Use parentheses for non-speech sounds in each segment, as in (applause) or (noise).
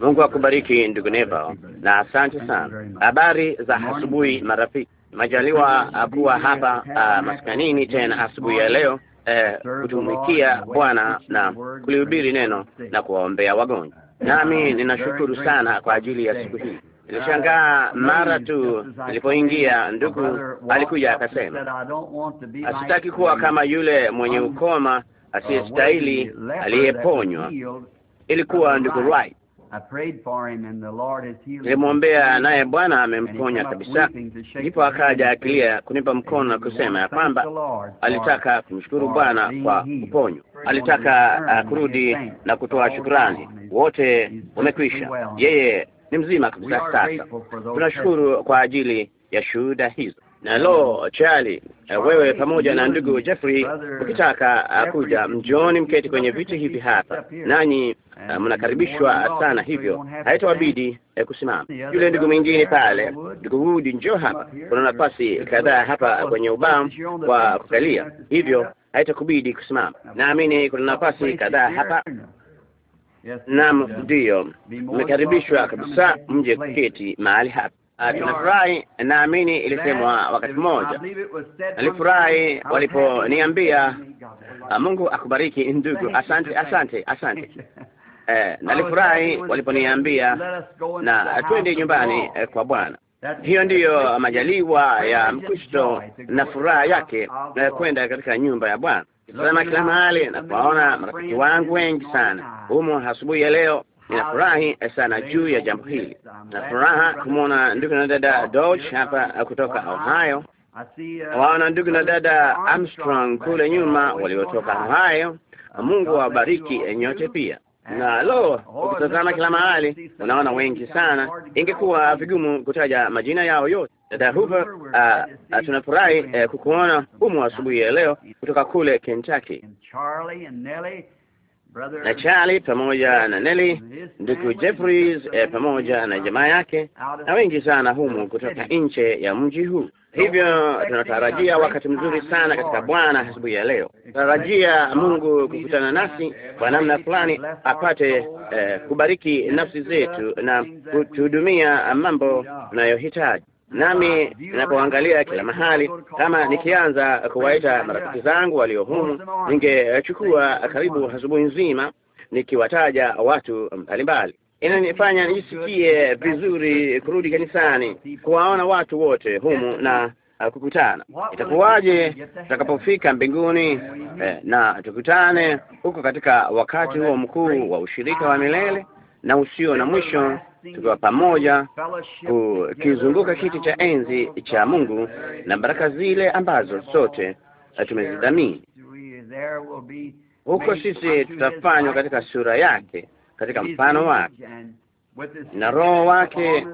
Mungu akubariki ndugu neva na asante sana. Habari za asubuhi marafiki, majaliwa kuwa hapa uh, maskanini tena asubuhi ya leo eh, kutumikia Bwana na kulihubiri neno na kuwaombea wagonjwa, nami ninashukuru sana kwa ajili ya siku hii. Nilishangaa mara tu nilipoingia, ndugu alikuja akasema, asitaki kuwa kama yule mwenye ukoma asiyestahili aliyeponywa. Ilikuwa ndugu Wright nilimwombea naye Bwana amemponya kabisa. Ndipo akaja akilia kunipa mkono na kusema ya kwamba alitaka kumshukuru Bwana kwa kuponywa, alitaka uh, kurudi na kutoa shukurani. Wote wamekwisha, yeye ni mzima kabisa. Sasa tunashukuru kwa ajili ya shuhuda hizo na lo Charlie, wewe pamoja na ndugu Jeffrey, ukitaka kuja mjoni, mketi kwenye viti hivi hapa, nanyi uh, mnakaribishwa sana, hivyo haitawabidi eh, kusimama. Yule ndugu mwingine pale, ndugu Wood, njoo hapa, kuna nafasi kadhaa hapa kwenye ubao wa kukalia, hivyo haitakubidi kusimama. Naamini kuna nafasi kadhaa hapa. Naam, ndiyo, mmekaribishwa kabisa, mje kuketi mahali hapa. Ah, tunafurahi. Naamini ilisemwa wakati mmoja, nilifurahi waliponiambia ah, Mungu akubariki ndugu, asante asante asante. (laughs) Eh, nalifurahi waliponiambia na twende nyumbani eh, kwa Bwana. Hiyo ndiyo majaliwa ya Mkristo na furaha yake eh, kwenda katika nyumba ya Bwana. Tazama kila mahali na kuwaona marafiki wangu wengi sana humo asubuhi ya leo Ninafurahi sana juu ya jambo hili na furaha kumwona ndugu na dada Dodge hapa kutoka Ohio. Uh, Waona ndugu na dada Armstrong kule nyuma waliotoka Ohio. Uh, Mungu awabariki nyote pia. Na uh, lo, oh, ukitazama kila mahali unaona wengi sana, ingekuwa vigumu kutaja majina yao yote. Dada Hoover, uh, tunafurahi uh, kukuona humu asubuhi ya leo kutoka kule Kentucky na Charlie pamoja na Nelly, ndugu Jeffries eh, pamoja na uh, jamaa yake na wengi sana humu kutoka nje ya mji huu. Hivyo tunatarajia wakati mzuri sana katika Bwana asubuhi ya leo. Tunatarajia Mungu kukutana nasi kwa namna fulani, apate eh, kubariki nafsi zetu na kutuhudumia mambo tunayohitaji nami ah, ninapoangalia kila mahali, kama nikianza kuwaita marafiki zangu walio humu, ningechukua karibu asubuhi nzima nikiwataja watu mbalimbali. Inanifanya nijisikie vizuri kurudi kanisani, kuwaona watu wote humu na kukutana. Itakuwaje tutakapofika mbinguni eh, na tukutane huko katika wakati huo mkuu wa ushirika ah, wa milele? na usio na mwisho, tukiwa pamoja kukizunguka kiti cha enzi cha Mungu na baraka zile ambazo sote tumezidhamini huko, sisi tutafanywa katika sura yake, katika mfano wake na roho wake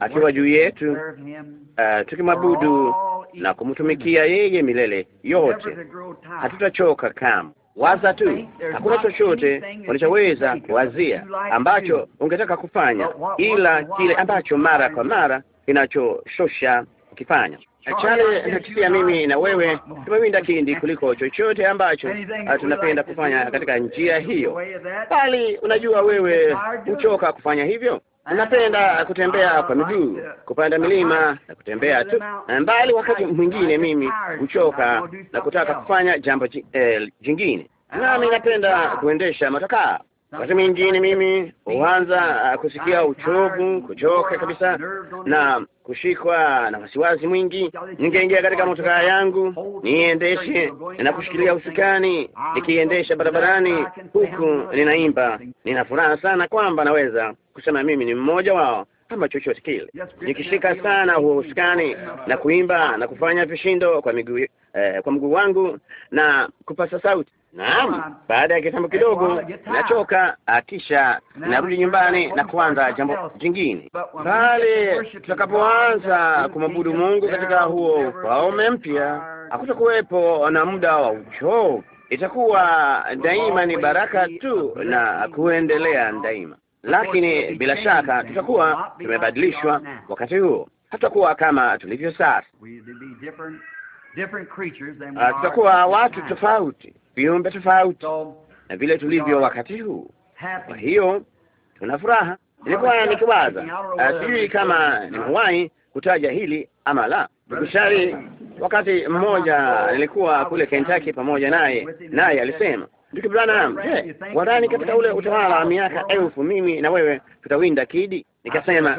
akiwa juu yetu, uh, tukimwabudu na kumtumikia yeye milele yote, hatutachoka kamwe waza tu, hakuna chochote walichoweza kuwazia ambacho ungetaka kufanya, ila kile ambacho mara kwa mara kinachoshosha ukifanya. Chale nakisia mimi na wewe tumewinda kindi kuliko chochote ambacho ah, tunapenda kufanya katika njia hiyo, bali unajua wewe huchoka kufanya hivyo Ninapenda kutembea kwa ah, miguu, kupanda milima na kutembea tu mbali. Wakati mwingine mimi huchoka na kutaka kufanya jambo eh, jingine, ah, nami napenda kuendesha motokaa Wakati mwingine mimi huanza uh, kusikia uchovu, kuchoka kabisa na kushikwa na wasiwasi mwingi. Ningeingia katika motokaa yangu niendeshe na kushikilia usukani, nikiendesha barabarani, huku ninaimba. Nina furaha sana kwamba naweza kusema mimi ni mmoja wao ama chochote kile, nikishika sana huo usukani na kuimba na kufanya vishindo kwa miguu eh, kwa mguu wangu na kupasa sauti Naam, baada ya kitambo kidogo nachoka, akisha ah, narudi nyumbani na kuanza jambo jingine, bali tutakapoanza kumwabudu Mungu katika huo ufalme mpya, hakutakuwepo na muda wa uchovu. Itakuwa daima ni baraka tu na kuendelea daima, lakini bila shaka tutakuwa tumebadilishwa. Wakati huo hatutakuwa kama tulivyo sasa, ah, tutakuwa watu tofauti viumbe tofauti na vile tulivyo wakati huu. Kwa hiyo tuna furaha. Nilikuwa nikiwaza, eh, sijui kama nimewahi kutaja hili ama la. Bukushari. wakati mmoja nilikuwa kule Kentucky pamoja naye, naye alisema Ndugu Branham, je, wadhani katika ule utawala wa miaka elfu mimi na wewe tutawinda kidi? Nikasema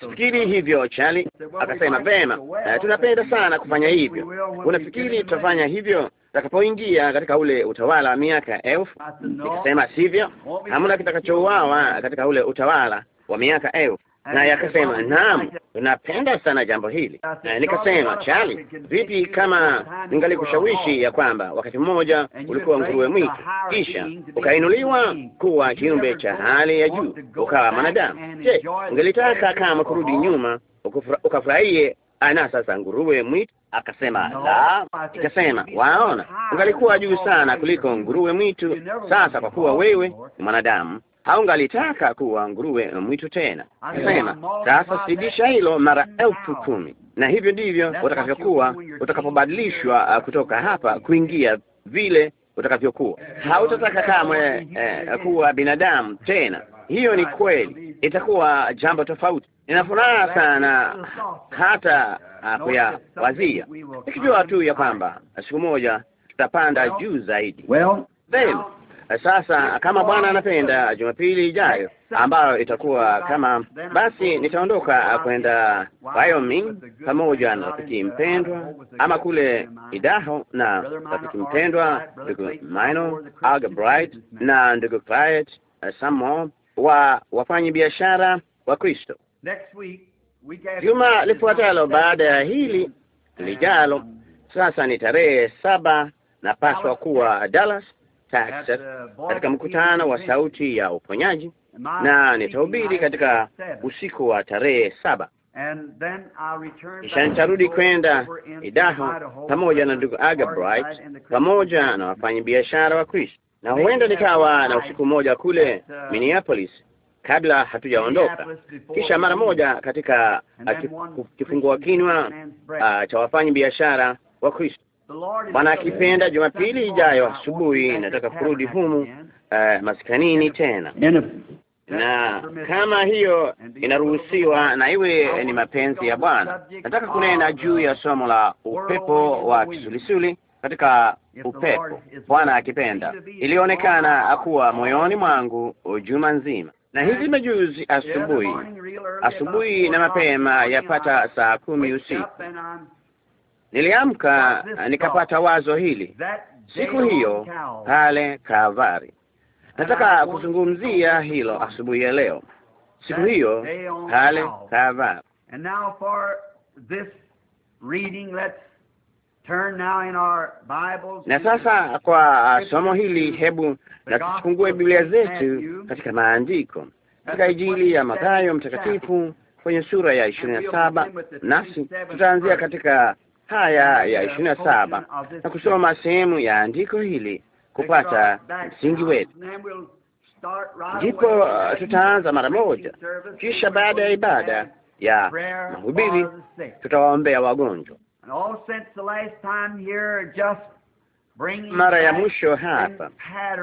sifikiri hivyo Chali. Akasema vema, eh, tunapenda sana kufanya hivyo. Unafikiri tutafanya hivyo? Takapoingia katika ule utawala wa miaka elfu, nikasema sivyo, hamna kitakachouawa katika ule utawala wa miaka elfu. Naye akasema naam, tunapenda sana jambo hili. Na eh, nikasema Chali, vipi kama ningalikushawishi ya kwamba wakati mmoja ulikuwa nguruwe mwitu, kisha ukainuliwa kuwa kiumbe cha hali ya juu, ukawa mwanadamu? Je, ungelitaka kama kurudi nyuma ukafurahie ana sasa nguruwe mwitu? Akasema la, ikasema waona, ungalikuwa juu sana kuliko nguruwe mwitu. Sasa kwa kuwa wewe ni mwanadamu, haungalitaka kuwa nguruwe mwitu tena. Akasema sasa sidisha hilo mara elfu kumi na hivyo ndivyo utakavyokuwa utakapobadilishwa uh, kutoka hapa kuingia vile utakavyokuwa. Hautataka kamwe eh, eh kuwa binadamu tena. Hiyo ni kweli, itakuwa jambo tofauti. Ninafuraha sana hata kuyawazia, ah, ikijua tu ya kwamba siku moja tutapanda juu zaidi. then, eh, sasa kama Bwana anapenda, Jumapili ijayo ambayo itakuwa kama, basi nitaondoka kwenda Wyoming pamoja na rafiki mpendwa, ama kule Idaho na rafiki mpendwa ndugu Mino Albright na ndugu Clyde eh, Samo wa wafanyi biashara wa Kristo. Juma lifuatalo baada ya hili lijalo. Sasa ni tarehe saba, napaswa kuwa Dallas, Texas, uh, katika mkutano wa Sauti ya Uponyaji, na nitahubiri katika usiku wa tarehe saba. Kisha nitarudi kwenda Idaho pamoja na ndugu Agabright pamoja na wafanyabiashara wa Kristo, na huenda nikawa na usiku mmoja kule uh, Minneapolis kabla hatujaondoka. Kisha mara moja katika kifungua kinywa ah, cha wafanyi biashara wa Kristo, Bwana akipenda, Jumapili ijayo asubuhi nataka kurudi humu uh, maskanini tena na kama hiyo inaruhusiwa na iwe ni mapenzi ya Bwana, nataka kunena juu ya somo la upepo wa kisulisuli katika upepo, Bwana akipenda. Ilionekana akuwa moyoni mwangu juma nzima, na hivi majuzi asubuhi asubuhi na mapema yapata saa kumi usiku niliamka nikapata wazo hili siku hiyo pale Kavari. Nataka kuzungumzia hilo asubuhi ya leo, siku hiyo pale Kavari. Na sasa kwa uh, somo hili, hebu na tufungue Biblia zetu katika maandiko, katika Injili ya Mathayo mtakatifu kwenye sura ya ishirini na saba nasi tutaanzia katika haya ya ishirini na saba na kusoma sehemu ya andiko hili kupata msingi wetu. Ndipo uh, tutaanza mara moja, kisha baada ya ibada ya mahubiri tutawaombea wagonjwa mara ya mwisho hapa,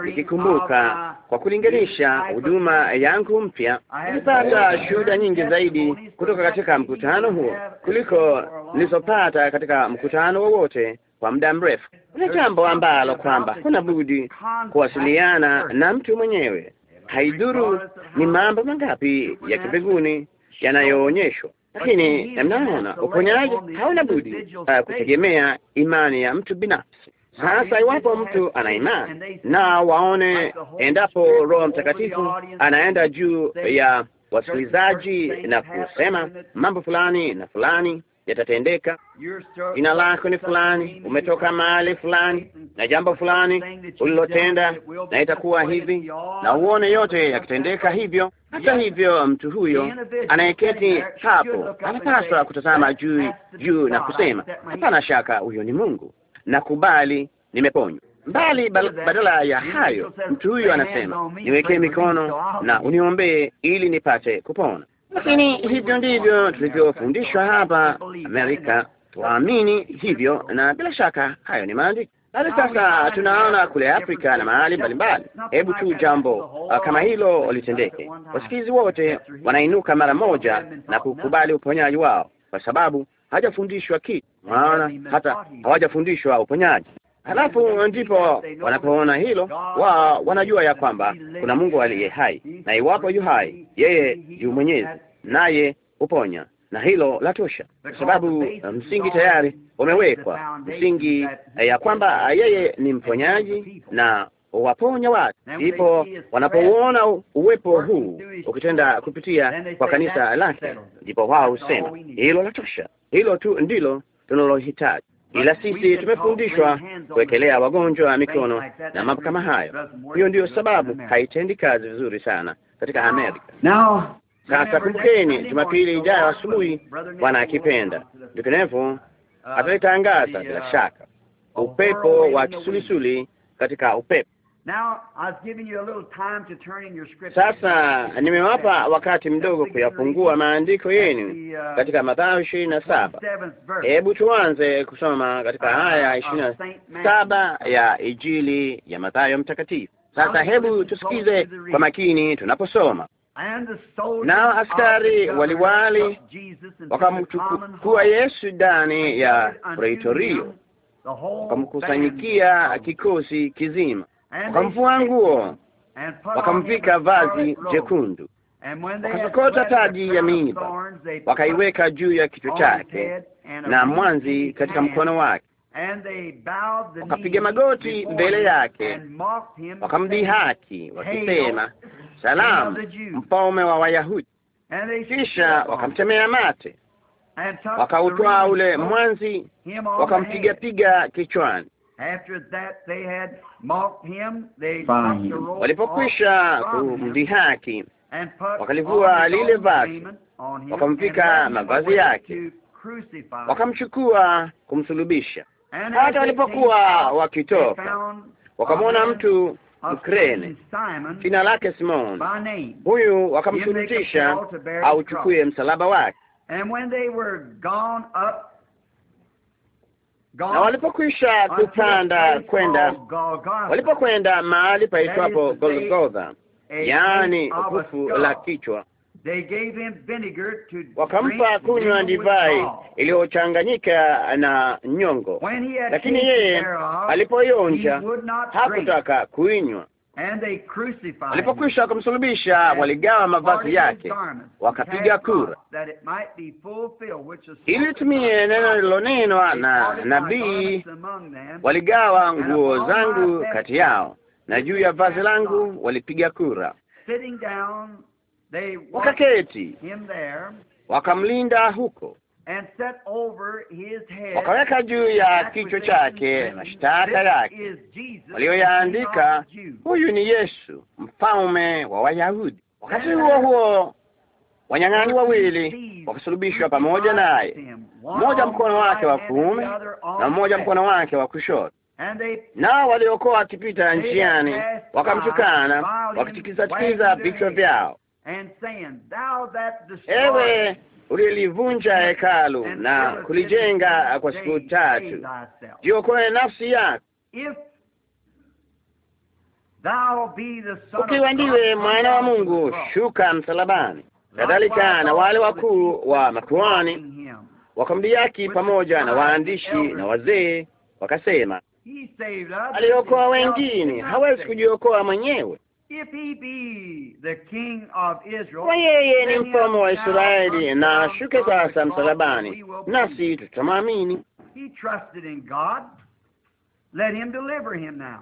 nikikumbuka uh, kwa kulinganisha huduma yangu mpya, nilipata shuhuda nyingi zaidi kutoka katika mkutano huo kuliko nilizopata katika mkutano wowote kwa muda mrefu. Kuna jambo ambalo kwamba kuna budi kuwasiliana na mtu mwenyewe, haidhuru ni mambo mangapi ya kibeguni yanayoonyeshwa lakini mnaona uponyaji hauna budi uh, kutegemea imani ya mtu binafsi, hasa iwapo mtu ana imani na waone, endapo Roho Mtakatifu anaenda juu ya wasikilizaji na kusema mambo fulani na fulani yatatendeka. Jina lako ni fulani, umetoka mahali fulani, na jambo fulani ulilotenda, na itakuwa hivi, na uone yote yakitendeka hivyo. Hata hivyo, mtu huyo anayeketi hapo anapaswa kutazama juu juu na kusema, hapana shaka, huyo ni Mungu, nakubali, nimeponywa mbali badala ya hayo, mtu huyo anasema niwekee mikono na uniombee ili nipate kupona. Lakini hivyo ndivyo tulivyofundishwa hapa Amerika, tuamini hivyo, na bila shaka hayo ni maandiko. Hadi sasa tunaona kule Afrika na mahali mbalimbali. Hebu tu jambo uh, kama hilo litendeke, wasikizi wote wanainuka mara moja na kukubali uponyaji wao, kwa sababu hajafundishwa kitu. Maana hata hawajafundishwa uponyaji. Halafu ndipo wanapoona hilo wa wanajua ya kwamba kuna Mungu aliye hai, na iwapo yu hai, yeye yu mwenyezi, naye uponya na hilo la tosha, kwa sababu msingi tayari umewekwa, msingi eh, ya kwamba yeye ni mponyaji na waponya watu. Ndipo wanapouona uwepo huu ukitenda kupitia kwa kanisa lake, ndipo wao husema hilo la tosha, hilo tu ndilo tunalohitaji ila sisi tumefundishwa kuwekelea wagonjwa wa mikono na mambo kama hayo. Hiyo ndiyo sababu haitendi kazi vizuri sana katika Amerika. Sasa kumbukeni, Jumapili ijayo asubuhi, Bwana akipenda, ndivyo uh, atalitangaza bila uh, shaka, upepo wa kisulisuli katika upepo sasa nimewapa wakati mdogo kuyafungua maandiko yenu uh, katika Mathayo ishirini na saba. Hebu tuanze kusoma katika haya uh, uh, ishirini na saba ya Injili ya Mathayo mtakatifu. Sasa hebu tusikize kwa makini tunaposoma Nao askari waliwali wakamchukua Yesu ndani ya Pretorio, wakamkusanyikia kikosi kizima wakamvua nguo, wakamvika vazi jekundu, wakasokota taji ya miiba, wakaiweka juu ya kichwa chake na mwanzi katika mkono wake, wakapiga magoti mbele yake, wakamdhihaki wakisema, salamu, mfalme wa Wayahudi. Kisha wakamtemea mate, wakautwaa ule mwanzi, wakampigapiga kichwani Walipokwisha kumdhihaki wakalivua lile vazi, wakampika mavazi yake, wakamchukua kumsulubisha. Hata walipokuwa wakitoka, wakamwona mtu Mkrene, jina lake Simon, huyu wakamshurutisha auchukue msalaba wake na walipokwisha kupanda kwenda, walipokwenda mahali paitwapo Golgotha, yaani ukufu la kichwa, wakampa kunywa divai iliyochanganyika na nyongo, lakini yeye alipoionja hakutaka kuinywa. Walipokwisha kumsulubisha, waligawa mavazi yake, wakapiga kura ili tumie neno lilonenwa na nabii. Waligawa nguo zangu kati yao, na juu ya vazi langu walipiga kura. Wakaketi, wakamlinda huko wakaweka juu ya kichwa chake mashtaka yake walioyaandika, huyu ni Yesu mfalme wa Wayahudi. Wakati huo huo wanyang'ani wawili wakasulubishwa pamoja naye, mmoja mkono wake wa kuume na mmoja mkono wake wa kushoto. Nao waliokuwa wakipita njiani wakamtukana, tikiza vichwa vyao, ewe ulilivunja hekalu na kulijenga kwa siku tatu. Jiokoe nafsi yako ukiwa ndiwe mwana wa Mungu, shuka msalabani. Kadhalika na wale wakuu wa makuhani wakamdhihaki pamoja na waandishi na wazee, wakasema aliokoa wengine, hawezi kujiokoa mwenyewe. Kwa yeye ni mfalme wa Israeli na ashuke sasa msalabani, nasi tutamwamini.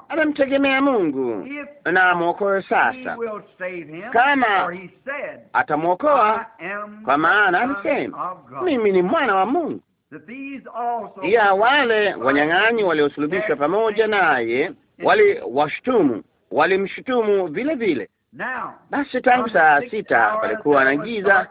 Anamtegemea Mungu na amwokoe sasa, kama atamwokoa, kwa maana alisema, mimi ni mwana wa Mungu. Pia wale wanyang'anyi waliosulubishwa pamoja naye wali washtumu walimshutumu vile vile. Basi tangu saa sita palikuwa na giza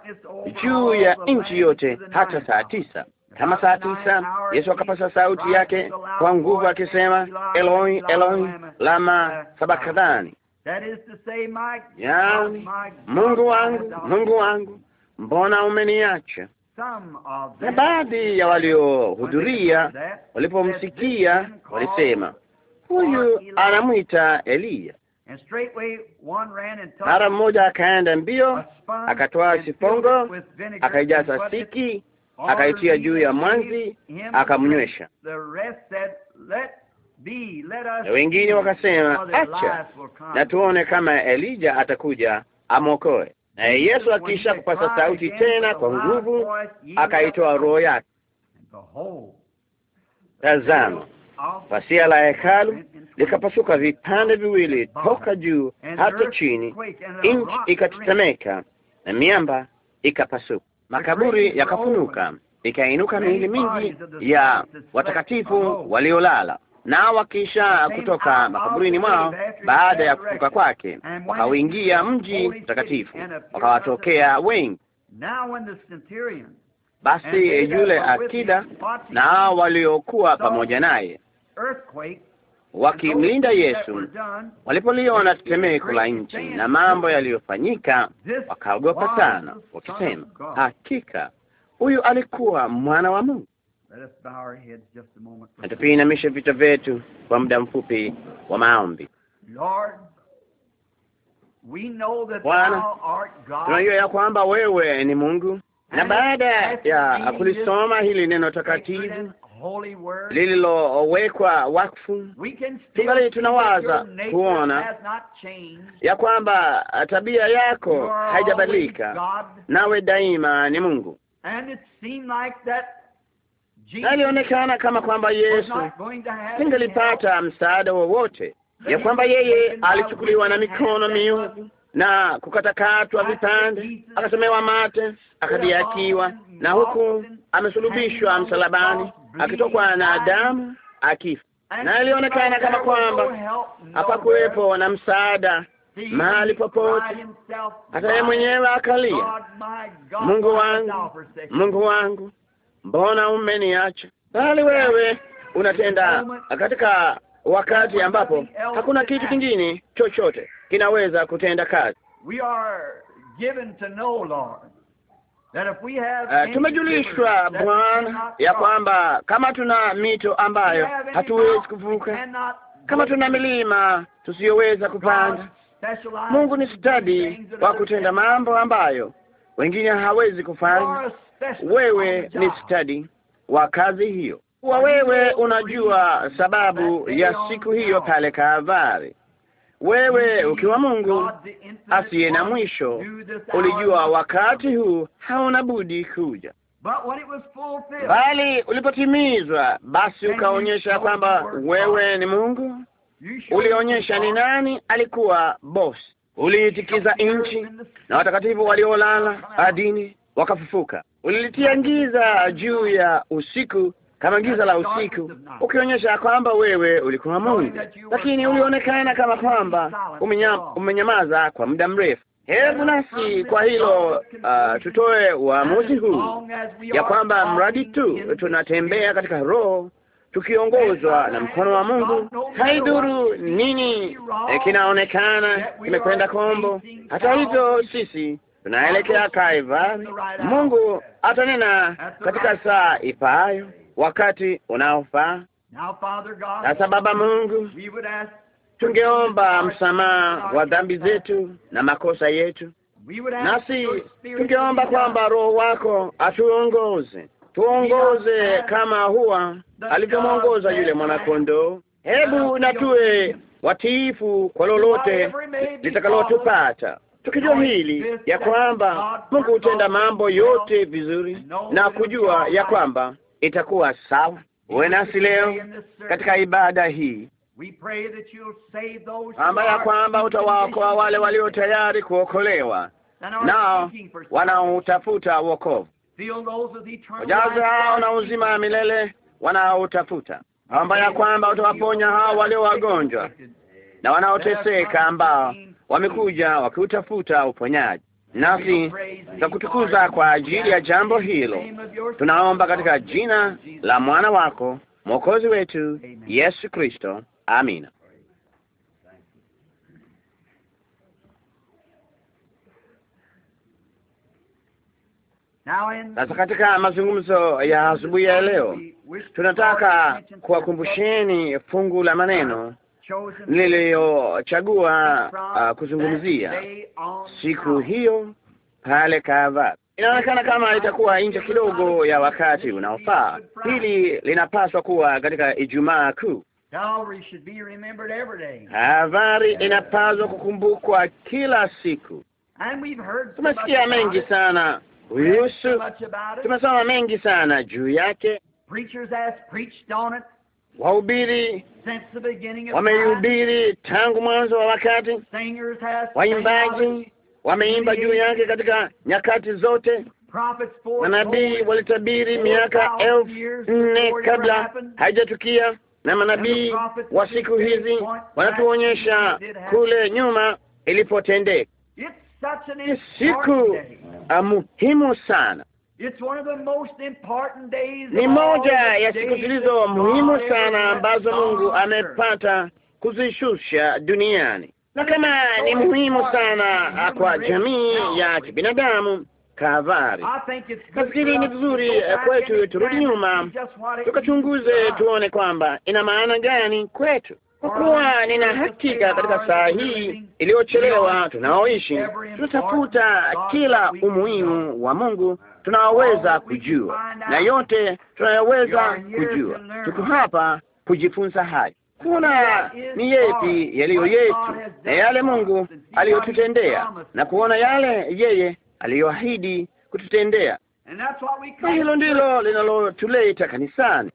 juu ya nchi yote hata saa tisa. Kama saa tisa Yesu akapasa sauti yake kwa nguvu akisema, Eloi Eloi lama sabakadhani, yaani Mungu wangu Mungu wangu mbona umeniacha? Na baadhi ya waliohudhuria walipomsikia walisema huyu anamwita Eliya. Mara mmoja akaenda mbio, akatoa sifongo, akaijaza siki, akaitia juu ya mwanzi, akamnywesha. Na wengine wakasema, acha na tuone kama Elija atakuja amwokoe. Naye Yesu akiisha kupasa sauti tena kwa nguvu, akaitoa roho yake. Tazama, Pazia la hekalu likapasuka vipande viwili toka juu hata chini, nchi ikatetemeka na miamba ikapasuka, makaburi yakafunuka, ikainuka miili mingi ya watakatifu waliolala nao wakisha kutoka makaburini mwao baada ya kufuka kwake, wakauingia mji mtakatifu, wakawatokea wengi. Basi yule akida na hao waliokuwa pamoja naye wakimlinda Yesu. Walipoliona tetemeko la nchi na mambo yaliyofanyika, wakaogopa sana, wakisema, hakika huyu alikuwa mwana wa Mungu. Na vita vichwa vyetu kwa muda mfupi wa maombi. Bwana, tunajua ya kwamba wewe ni Mungu, na baada ya kulisoma hili neno takatifu lililowekwa wakfu, tungali tunawaza kuona ya kwamba uh, tabia yako haijabadilika, nawe daima ni Mungu. Na ilionekana kama kwamba Yesu singelipata msaada wowote, ya kwamba yeye alichukuliwa na mikono miu na kukatakatwa vipande, akasemewa mate, akadhihakiwa, na huku amesulubishwa msalabani akitokwa na Adamu akifa, na ilionekana kama kwamba hapakuwepo na msaada mahali popote, hata yeye mwenyewe akalia, Mungu wangu, Mungu wangu, mbona umeniacha? Bali wewe unatenda katika wakati ambapo hakuna kitu kingine chochote kinaweza kutenda kazi. Eh, tumejulishwa Bwana ya kwamba kama tuna mito ambayo hatuwezi kuvuka, kama tuna milima tusiyoweza kupanda, Mungu ni stadi wa kutenda mambo ambayo wengine hawezi kufanya. Wewe ni stadi wa kazi hiyo, kwa wewe unajua sababu ya siku hiyo pale Kavari. Wewe ukiwa Mungu asiye na mwisho, ulijua wakati huu hauna budi kuja, bali ulipotimizwa, basi ukaonyesha kwamba wewe ni Mungu. Ulionyesha ni nani alikuwa boss. Uliitikiza nchi na watakatifu waliolala adini wakafufuka. Ulilitia ngiza juu ya usiku kama giza la usiku, ukionyesha kwamba wewe ulikuwa Mungu, lakini ulionekana kama kwamba umenyamaza kwa muda mrefu. Hebu nasi kwa hilo uh, tutoe uamuzi huu ya kwamba mradi tu tunatembea katika roho tukiongozwa na mkono wa Mungu, haidhuru nini kinaonekana kimekwenda kombo. Hata hivyo sisi tunaelekea kaiva Mungu atanena katika saa ifaayo wakati unaofaa. Sasa Baba Mungu, tungeomba msamaha wa dhambi zetu na makosa yetu, nasi tungeomba kwamba Roho wako atuongoze, tuongoze kama huwa alivyomwongoza yule mwanakondoo. Hebu natuwe watiifu kwa lolote litakalotupata tukijua hili ya kwamba Mungu hutenda mambo yote vizuri na kujua ya kwamba itakuwa sawa. Uwe nasi leo katika ibada hii, amba ya kwamba utawaokoa wale walio tayari kuokolewa nao wanaoutafuta wokovu, ujazo hao na uzima wa milele wanaoutafuta. Amba ya kwamba utawaponya hao walio wagonjwa na wanaoteseka, ambao wamekuja wakiutafuta uponyaji nasi tutakutukuza kwa ajili ya jambo hilo. Tunaomba katika jina la mwana wako mwokozi wetu Yesu Kristo, amina. Sasa katika mazungumzo ya asubuhi ya leo, tunataka kuwakumbusheni fungu la maneno niliyochagua uh, kuzungumzia siku hiyo pale Kaava. Inaonekana kama itakuwa nje kidogo ya wakati unaofaa. Hili linapaswa kuwa katika Ijumaa Kuu. Habari inapaswa kukumbukwa kila siku. Tumesikia mengi sana kuhusu, tumesoma mengi sana juu yake wahubiri wameihubiri tangu mwanzo wa wakati, waimbaji wameimba juu yake katika nyakati zote. Manabii walitabiri miaka elfu nne kabla haijatukia, na manabii wa siku hizi wanatuonyesha kule nyuma ilipotendeka. Siku muhimu sana ni moja ya siku zilizo muhimu sana ambazo Mungu amepata kuzishusha duniani, na kama ni muhimu sana kwa jamii ya kibinadamu Kavari. Nafikiri ni vizuri eh, kwetu turudi nyuma tukachunguze, tuone kwamba ina maana gani kwetu, kwa kuwa nina hakika katika saa hii iliyochelewa tunaoishi, tunatafuta kila umuhimu wa Mungu tunaweza kujua na yote tunayoweza kujua. Tuko hapa kujifunza haya kuna ni yepi yaliyo yetu na yale Mungu aliyotutendea na kuona yale yeye aliyoahidi kututendea, na hilo ndilo linalotuleta kanisani.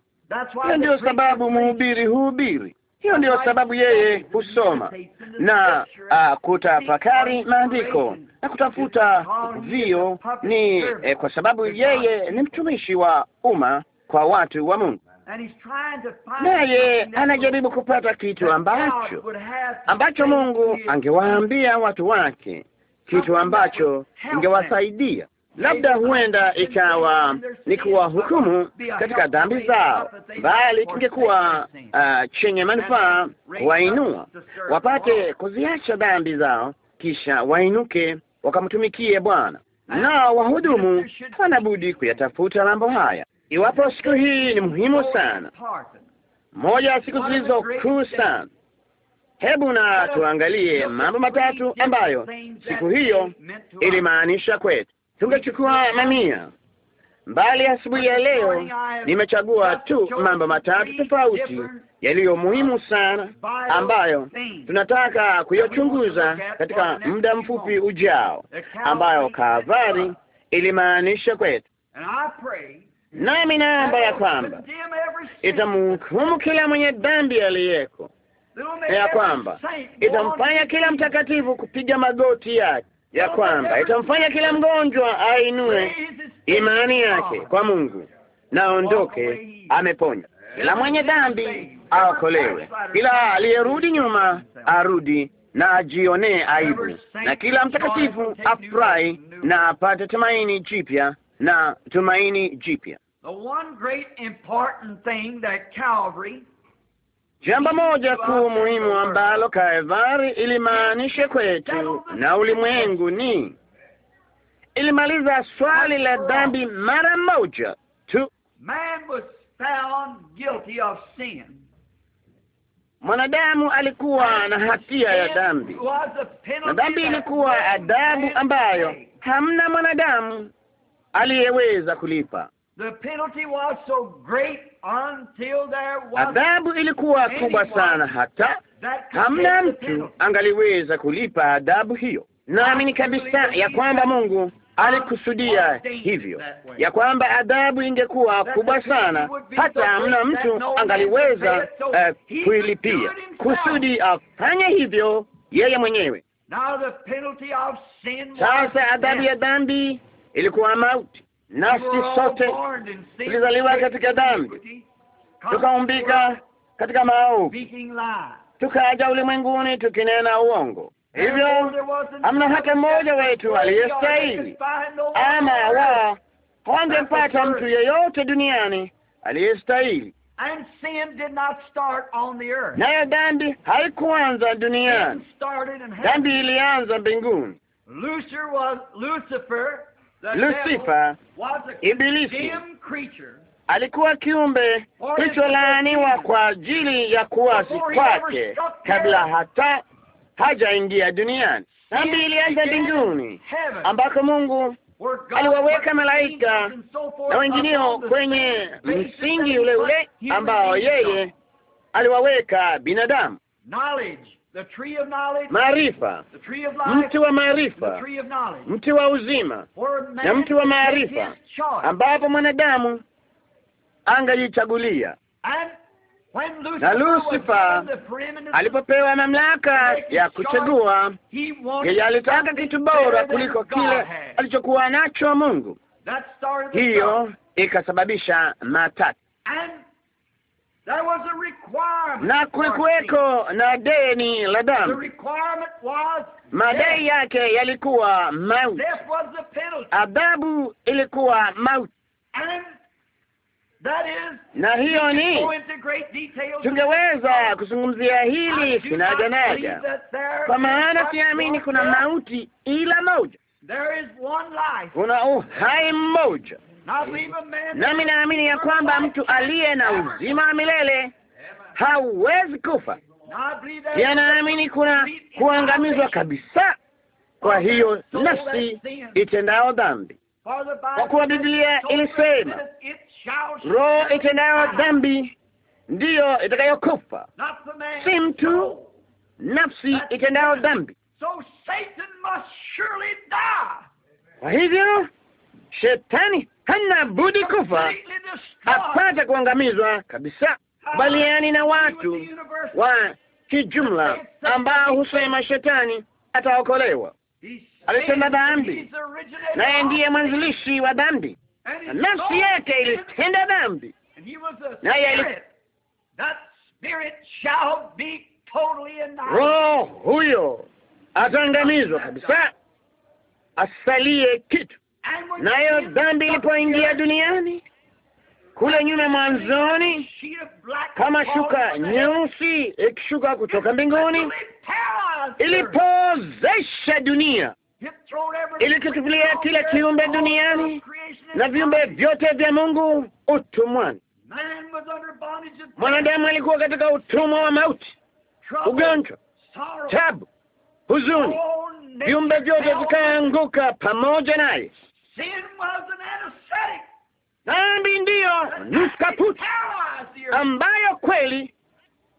Hiyo ndio sababu mhubiri huhubiri, hiyo ndiyo sababu yeye husoma na uh, kutafakari maandiko na kutafuta vio ni eh, kwa sababu yeye ni mtumishi wa umma kwa watu wa Mungu, naye anajaribu kupata kitu ambacho ambacho Mungu angewaambia watu wake, kitu ambacho ingewasaidia labda huenda ikawa ni kuwahukumu katika dhambi zao, bali kingekuwa uh, chenye manufaa wainua wapate kuziacha dhambi zao, kisha wainuke wakamtumikie Bwana. Na wahudumu wanabudi kuyatafuta mambo haya, iwapo siku hii ni muhimu sana, moja ya siku zilizo kuu sana. Hebu na tuangalie mambo matatu ambayo siku hiyo ilimaanisha kwetu tungechukua mamia mbali. Asubuhi ya leo nimechagua tu mambo matatu tofauti yaliyo muhimu sana ambayo tunataka kuyachunguza katika muda mfupi ujao, ambayo Kavari ilimaanisha kwetu, nami naomba ya kwamba itamhukumu kila mwenye dhambi aliyeko, ya kwamba itamfanya kila mtakatifu kupiga magoti yake ya kwamba itamfanya kila mgonjwa ainue imani yake kwa Mungu na aondoke ameponya. kila mwenye dhambi aokolewe, kila aliyerudi nyuma arudi na ajionee aibu, na kila mtakatifu afurahi na apate tumaini jipya na tumaini jipya. Jambo moja kuu muhimu ambalo kaevari ilimaanisha kwetu na ulimwengu ni ilimaliza swali la dhambi mara moja tu. Mwanadamu alikuwa na hatia ya dhambi, na dhambi ilikuwa adhabu ambayo hamna mwanadamu aliyeweza kulipa. The penalty was so great Adhabu ilikuwa kubwa sana, hata hamna mtu angaliweza kulipa adhabu hiyo. Naamini kabisa ya kwamba Mungu alikusudia hivyo, ya kwamba adhabu ingekuwa kubwa sana, hata hamna mtu angaliweza uh, kuilipia. Kusudi afanye hivyo yeye mwenyewe. Sasa adhabu ya dhambi ilikuwa mauti. Nasi sote tulizaliwa katika dhambi, tukaumbika katika maovu, tukaja ulimwenguni tukinena uongo. Hivyo hamna hata mmoja wetu aliyestahili, ama wa hawangempata mtu yeyote duniani aliyestahili. Nayo dhambi haikuanza duniani, dhambi ilianza mbinguni. Lucifer Lusifa, Ibilisi alikuwa kiumbe kilicholaaniwa kwa ajili ya kuasi kwake, kabla hata hajaingia duniani. Dhambi ilianza mbinguni, ambako Mungu aliwaweka malaika na wengineo kwenye msingi ule ule ambao yeye aliwaweka binadamu maarifa, mti wa maarifa, mti wa uzima na mti wa maarifa, ambapo mwanadamu angajichagulia. Na Lucifer alipopewa mamlaka ya kuchagua, yeye alitaka kitu bora kuliko kile alichokuwa nacho Mungu. Hiyo ikasababisha matatu na kulikuweko na deni la damu. Madai yake yalikuwa mauti, adhabu ilikuwa mauti. Na hiyo ni tungeweza kuzungumzia hili kinaganaga, kwa maana siamini kuna mauti ila moja, kuna uhai mmoja nami naamini ya kwamba mtu aliye na uzima wa milele hauwezi kufa. Pia naamini kuna kuangamizwa kabisa kwa hiyo nafsi itendayo dhambi, kwa kuwa Biblia ilisema roho itendayo dhambi ndiyo itakayokufa, si mtu. Nafsi itendayo dhambi. Kwa hivyo shetani hana budi kufa, hapata kuangamizwa kabisa. Kubaliani na watu wa kijumla ambao husema shetani ataokolewa. Alitenda dhambi, naye ndiye mwanzilishi wa dhambi, na nafsi yake ilitenda dhambi, naye roho huyo ataangamizwa kabisa, asalie kitu nayo dhambi ilipoingia duniani kule nyuma mwanzoni, kama shuka nyeusi ikishuka kutoka mbinguni, ilipozesha dunia, ilitutupilia kila kiumbe duniani na viumbe vyote vya Mungu utumwani. Mwanadamu alikuwa katika utumwa wa mauti, ugonjwa, tabu, huzuni, viumbe vyote vikaanguka pamoja naye. Dhambi ndiyo nusukaputi ambayo kweli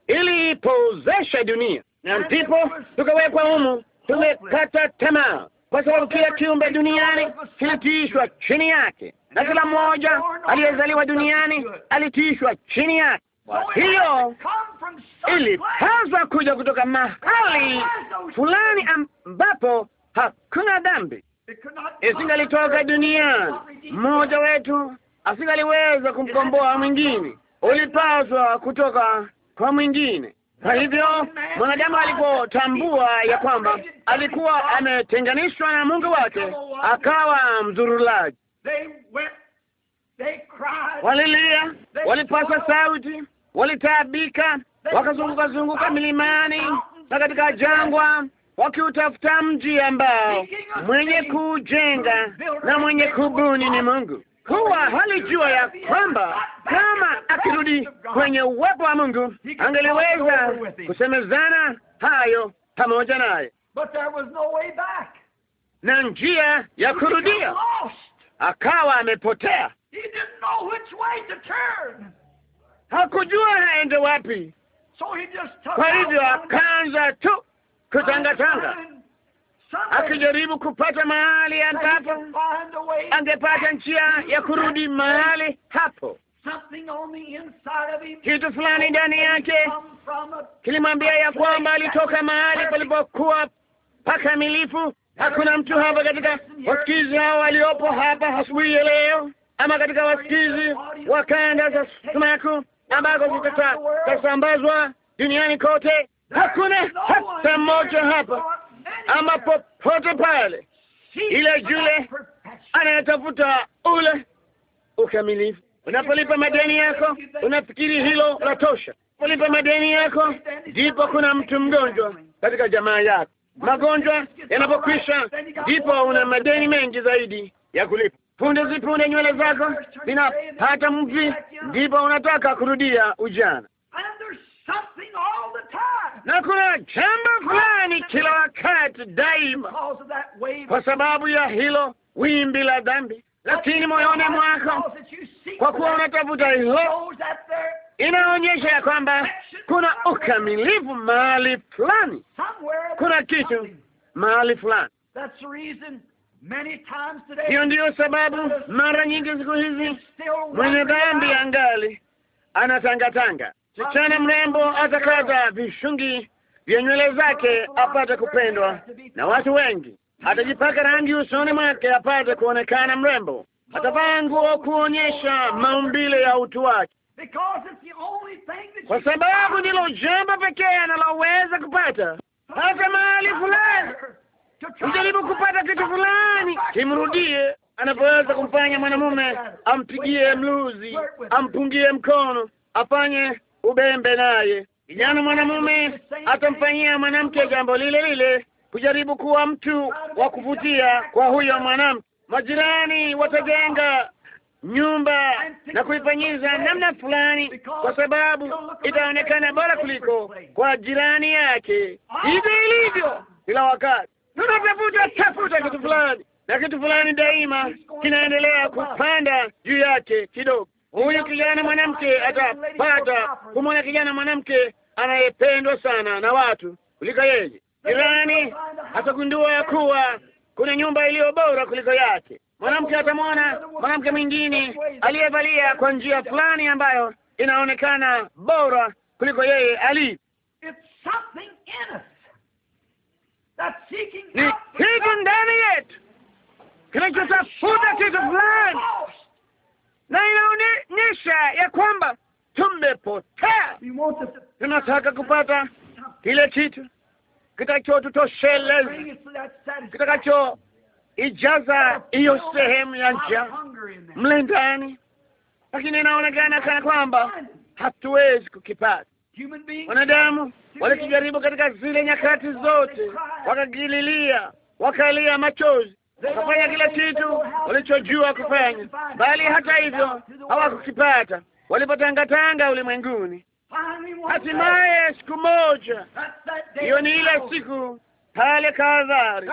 iliipozesha dunia, na ndipo tukawekwa humu, tumekata tamaa, kwa sababu kila kiumbe duniani kilitiishwa chini yake, na kila mmoja aliyezaliwa duniani alitiishwa chini yake. Hiyo ilipaswa kuja kutoka mahali fulani ambapo hakuna dhambi isingalitoka duniani, mmoja wetu asingaliweza kumkomboa mwingine, ulipaswa kutoka kwa mwingine. Kwa hivyo mwanadamu alipotambua ya kwamba alikuwa ametenganishwa na Mungu wake, akawa mzurulaji. Walilia, walipasa sauti, walitaabika, wakazunguka zunguka milimani na katika jangwa wakiutafuta mji ambao mwenye kuujenga na mwenye kubuni ni Mungu. Huwa jua ya kwamba kama akirudi kwenye uwepo wa Mungu angeliweza kusemezana hayo pamoja naye, na njia ya kurudia akawa amepotea, hakujua aende wapi. Kwa hivyo akaanza tu kutangatanga akijaribu kupata mahali ambapo angepata njia ya kurudi mahali hapo. Kitu fulani ndani yake kilimwambia ya kwamba alitoka mahali palipokuwa pakamilifu. Hakuna mtu hapa katika wasikizi hao waliopo hapa asubuhi ya leo, ama katika wasikizi wa kanda za sumaku ambako zitasambazwa duniani kote Hakuna hata mmoja hapa ama popote pale, ile yule anayetafuta ule ukamilifu. Unapolipa madeni yako, unafikiri hilo latosha. Unapolipa madeni yako, ndipo kuna mtu mgonjwa katika jamaa yako. Magonjwa yanapokwisha, ndipo una madeni mengi zaidi ya kulipa. Punde zipunde nywele zako zinapata mvi, ndipo unataka kurudia ujana na kuna jambo fulani kila wakati daima, kwa sababu ya hilo wimbi la dhambi. Lakini moyoni mwako, kwa kuwa unatafuta hilo, inaonyesha ya kwamba kuna ukamilifu mahali fulani, kuna kitu mahali fulani. Hiyo ndiyo sababu mara nyingi siku hizi mwenye dhambi angali anatangatanga msichana mrembo atakata vishungi vya nywele zake apate kupendwa na watu wengi, atajipaka rangi usoni mwake apate kuonekana mrembo, atavaa nguo kuonyesha maumbile ya utu wake, kwa sababu ndilo jambo pekee analoweza kupata. Hata mahali fulani mjaribu kupata kitu fulani kimrudie, anapoweza kumfanya mwanamume ampigie mluzi, ampungie mkono, afanye ubembe naye. Kijana mwanamume atamfanyia mwanamke jambo lile lile, kujaribu kuwa mtu wa kuvutia kwa huyo mwanamke. Majirani watajenga nyumba na kuifanyiza namna fulani, kwa sababu itaonekana bora kuliko kwa jirani yake. Hivyo ilivyo kila wakati, tunatafuta tafuta kitu fulani na kitu fulani daima kinaendelea kupanda juu yake kidogo huyu kijana mwanamke atapata kumwona kijana mwanamke anayependwa sana na watu kuliko yeye. Jirani atagundua ya kuwa kuna nyumba iliyo bora kuliko yake. Mwanamke atamwona mwanamke mwingine aliyevalia kwa njia fulani ambayo inaonekana bora kuliko yeye ali. Ni kitu ndani yetu kinachotafuta kitu fulani na inaonyesha ya kwamba tumepotea. Tunataka kupata kile kitu kitakachotutosheleza, kitakacho ijaza hiyo sehemu ya nja mle ndani, lakini inaonekana kana kwamba hatuwezi kukipata. Wanadamu walikijaribu katika zile nyakati zote, wakagililia wakalia machozi Wakafanya kila kitu walichojua kufanya, bali hata hivyo hawakukipata. Walipotangatanga ulimwenguni, hatimaye siku moja, hiyo ni ile siku pale Kalvari,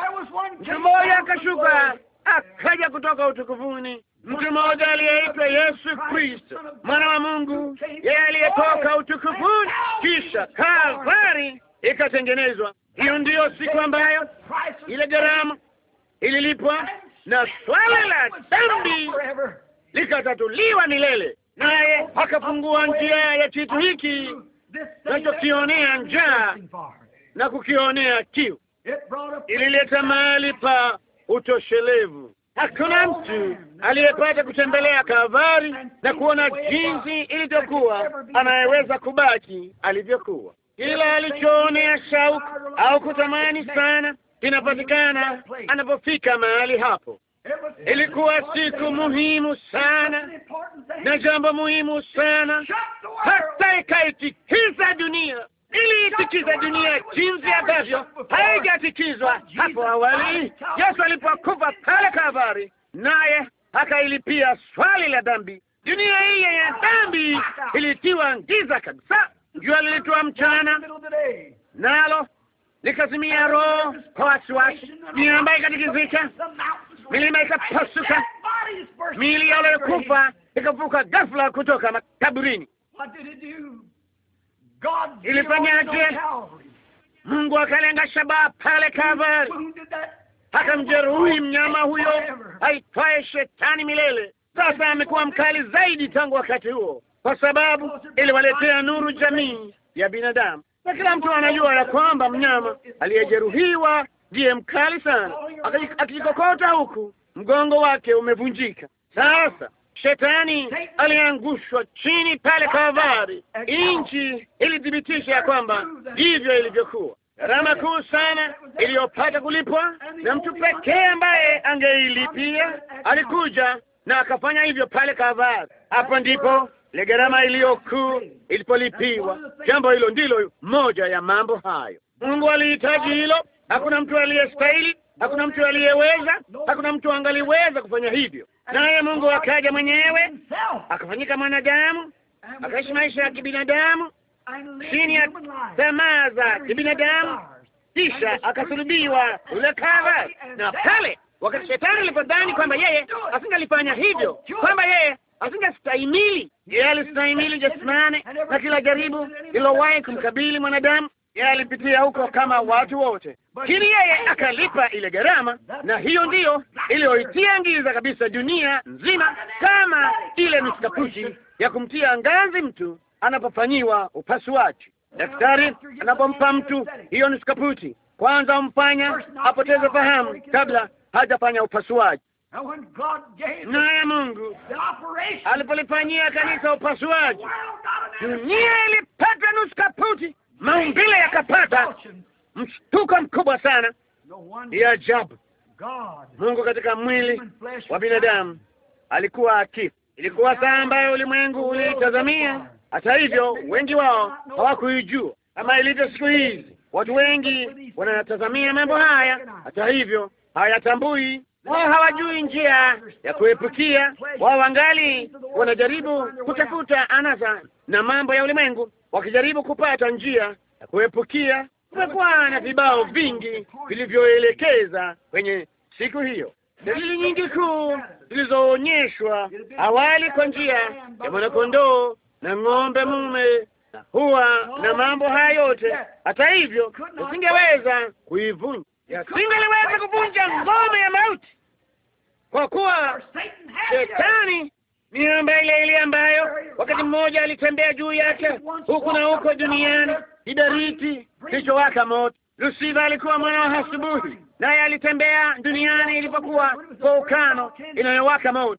mtu mmoja akashuka, akaja kutoka utukufuni, mtu mmoja aliyeitwa Yesu Kristo, mwana wa Mungu, yeye aliyetoka utukufuni, kisha Kalvari ikatengenezwa. Hiyo ndiyo siku ambayo ile gharama ililipwa na swala la dhambi likatatuliwa milele, naye akafungua njia ya kitu hiki nachokionea njaa na kukionea kiu. Ilileta mahali pa utoshelevu. Hakuna mtu aliyepata kutembelea kavari na kuona jinsi ilivyokuwa, anayeweza kubaki alivyokuwa. Kila alichoonea shauku au kutamani sana inapatikana anapofika mahali hapo. Ilikuwa siku muhimu sana na jambo muhimu sana hata ikaitikiza dunia, iliitikiza dunia jinsi ambavyo haijatikizwa hapo awali. Yesu alipokufa pale Kavari, naye akailipia swali la dhambi. Dunia hii ya dhambi ilitiwa ngiza kabisa. Jua lilitoa mchana nalo likazimia roho kwa wasiwasi, miamba ikatikizika, milima ikapasuka, miili yaliyokufa ikavuka ghafla kutoka makaburini. Ilifanyaje? Mungu akalenga shabaha pale hata akamjeruhi mnyama huyo aitwaye Shetani milele. Sasa amekuwa mkali zaidi tangu wakati huo, kwa sababu iliwaletea nuru jamii ya binadamu na kila mtu anajua ya kwamba mnyama aliyejeruhiwa ndiye mkali sana, akijikokota huku mgongo wake umevunjika. Sasa shetani aliangushwa chini pale Kalvari. Inchi ilithibitisha ya kwamba ndivyo ilivyokuwa. Gharama kuu sana iliyopata kulipwa na mtu pekee ambaye angeilipia alikuja na akafanya hivyo pale Kalvari. Hapo ndipo ile gharama iliyokuu ilipolipiwa. Jambo hilo ndilo moja ya mambo hayo. Mungu alihitaji hilo. Hakuna mtu aliyestahili, hakuna mtu aliyeweza, hakuna mtu angaliweza kufanya hivyo, naye Mungu akaja mwenyewe akafanyika mwanadamu, akaishi maisha ya kibinadamu chini ya tamaa za kibinadamu, kisha akasulubiwa ule kava. Na pale wakati shetani alipodhani kwamba yeye asingalifanya hivyo, kwamba yeye asingestahimili. Yeye alistahimili jasmani na kila jaribu lilowahi kumkabili mwanadamu. Yeye alipitia huko kama watu wote, lakini yeye akalipa ile gharama, na hiyo ndiyo iliyoitia ngiza kabisa dunia nzima, kama ile misikapuji ya kumtia ngazi mtu anapofanyiwa upasuaji. Daktari anapompa mtu hiyo niskaputi, kwanza humfanya apoteze fahamu kabla hajafanya upasuaji naye Mungu alipolifanyia kanisa upasuaji, dunia ilipata nusu kaputi, maumbile yakapata mshtuko mkubwa sana ya ajabu. Mungu katika mwili wa binadamu alikuwa akifu. Ilikuwa saa ambayo ulimwengu uliitazamia. Hata hivyo, wengi wao hawakuijua kama ilivyo siku hizi. Watu wengi wanatazamia mambo haya, hata hivyo hayatambui wao hawajui njia ya kuepukia. Wao wangali wanajaribu kutafuta anasa na mambo ya ulimwengu, wakijaribu kupata njia ya kuepukia. Kumekuwa na vibao vingi vilivyoelekeza kwenye siku hiyo, dalili nyingi kuu zilizoonyeshwa awali kwa njia ya mwanakondoo na ng'ombe mume na huwa na mambo haya yote. Hata hivyo, usingeweza kuivunja singaliweza kuvunja ngome ya mauti, kwa kuwa shetani ni namba ile ile ambayo wakati mmoja alitembea juu yake huku na huko duniani, kiberiti kilichowaka moto. lusiva alikuwa mwana wa asubuhi, naye alitembea duniani ilipokuwa volkano inayowaka moto.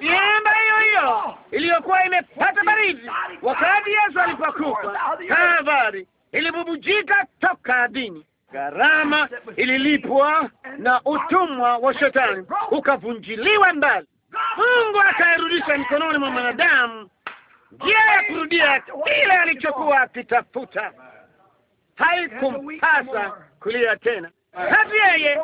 Miamba hiyo hiyo iliyokuwa imepata baridi wakati Yesu alipokufa Kalvari ilibubujika toka dini Gharama ililipwa na utumwa wa shetani ukavunjiliwa mbali. Mungu akairudisha mikononi mwa mwanadamu, njia ya kurudia kile alichokuwa akitafuta. Haikumpasa kulia tena. Hata yeye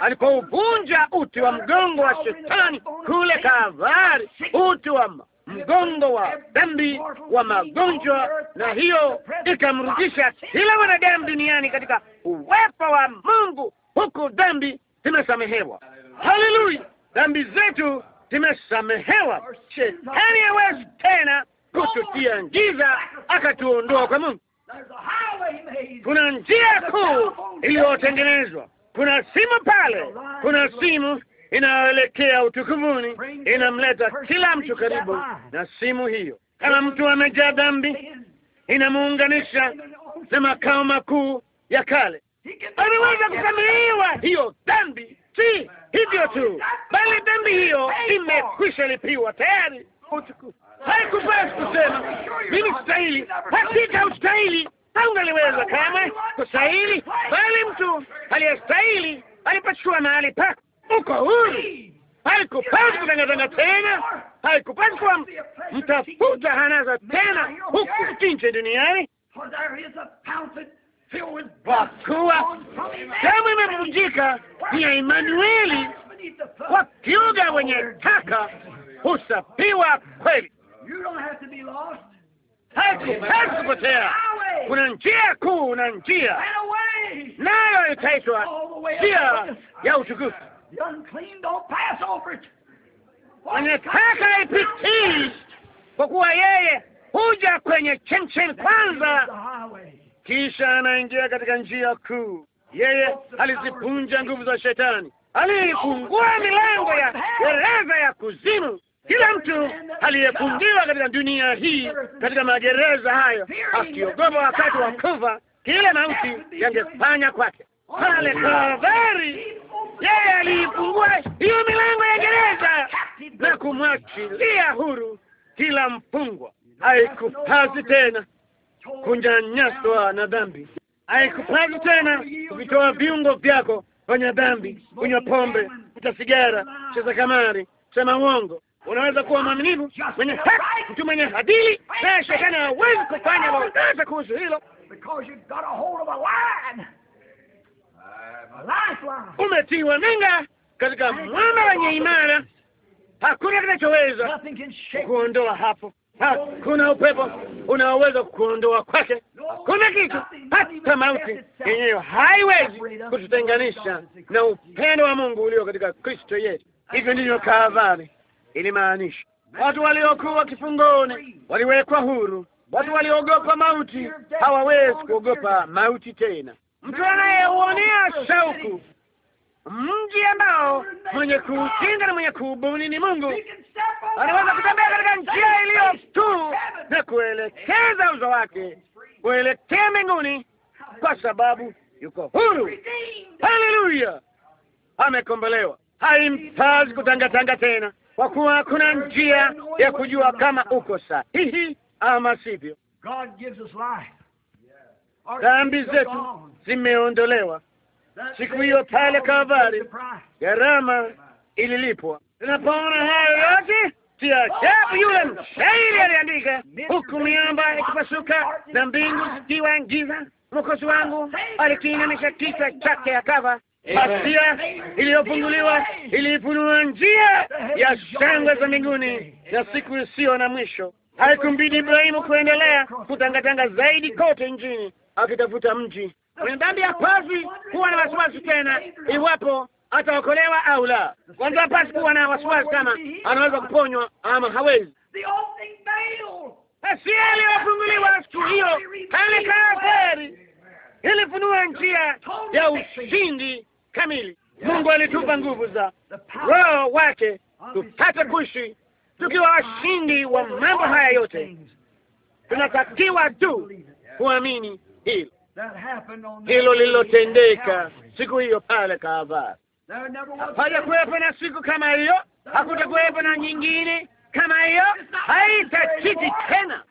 alipouvunja uti wa mgongo wa shetani kule Kavari, uti wa mgongo wa dhambi wa magonjwa, na hiyo ikamrudisha kila mwanadamu duniani katika uwepo wa Mungu huku dhambi zimesamehewa. Haleluya, dhambi zetu zimesamehewa. Shetani hawezi tena kututia giza, akatuondoa kwa Mungu. Kuna njia kuu iliyotengenezwa, kuna simu pale, kuna simu inayoelekea utukufuni, inamleta kila mtu karibu na simu hiyo. Kama mtu amejaa dhambi, inamuunganisha na makao makuu ya kale ameweza kusamehewa hiyo dhambi, si hivyo tu, bali dhambi hiyo imekwisha lipiwa tayari. Haikupasi kusema mimi sitahili, hakika ustahili, haungaliweza kama kustahili, bali mtu aliyestahili alipachukua mahali pa uko huru. Haikupasi kutangatanga tena, haikupasi kuwa mtafuta hanaza tena huku nje duniani kwa kuwa damu imevunjika ya Emanueli, kwa kiuga wenye taka husapiwa kweli. Haikupasi Kuna njia kuu na njia nayo itaitwa njia ya utukufu. Mwenye taka ipitii, kwa kuwa yeye huja kwenye chemchemi kwanza kisha anaingia katika njia kuu. Yeye alizipunja nguvu za shetani, alifungua milango ya gereza ya kuzimu. Kila mtu aliyefungiwa katika dunia hii katika magereza hayo akiogopa wakati wa kufa kile mauti yangefanya kwake pale Kalvari, yeye aliifungua hiyo milango ya gereza na kumwachilia huru kila mfungwa. Haikupasi tena kunyanyaswa na dhambi. Haikupasi tena kuvitoa viungo vyako, fanya dhambi, kunywa pombe, kuta sigara, cheza kamari, sema uongo. Unaweza kuwa mwaminifu, mwenye haki, mtu mwenye adili, shetani hawezi kufanya lolote kuhusu hilo. Umetiwa nanga katika mwamba wenye imara, hakuna kinachoweza kuondoa hapo hakuna upepo unaoweza kuondoa kwake, hakuna kitu, hata mauti yenyewe haiwezi kututenganisha na upendo wa Mungu ulio katika Kristo Yesu. Hivyo ndivyo Kalvari ilimaanisha. Watu waliokuwa kifungoni waliwekwa huru. Watu waliogopa mauti hawawezi kuogopa mauti tena. Mtu anayeuonea shauku mji ambao mwenye kuujenga na mwenye kuubuni ni Mungu. Anaweza kutembea katika njia iliyo tu na kuelekeza uso wake kuelekea mbinguni, kwa sababu yuko huru. Haleluya, amekombolewa, haimpazi kutangatanga tena, kwa kuwa hakuna njia ya kujua kama uko sahihi ama sivyo. Dhambi zetu zimeondolewa siku hiyo pale Kalvari, gharama ililipwa. Tunapoona hayo yote tiajabu, yule mshairi aliandika, huku miamba ikipasuka na mbingu zikiwa giza, mwokozi wangu alikiinamisha kichwa chake, akava pasia iliyofunguliwa ilifunua njia ya shangwe za mbinguni na siku isiyo na mwisho. Haikumbidi Ibrahimu kuendelea kutangatanga zaidi kote nchini akitafuta mji kwenye dhambi ya kwazi kuwa na wasiwasi tena iwapo ataokolewa au la. Kwanza hapasi kuwa na wasiwasi kama anaweza kuponywa ama hawezi. Pazia iliyofunguliwa siku hiyo halikaa kweli, ilifunua njia ya ushindi kamili. Mungu alitupa nguvu za Roho wake tupate kuishi tukiwa washindi wa mambo haya yote. Tunatakiwa tu kuamini hilo hilo lililotendeka siku hiyo pale Kalvari. Hapajakuwepo na siku kama hiyo, hakutakuwepo na nyingine kama hiyo, haitachiti tena.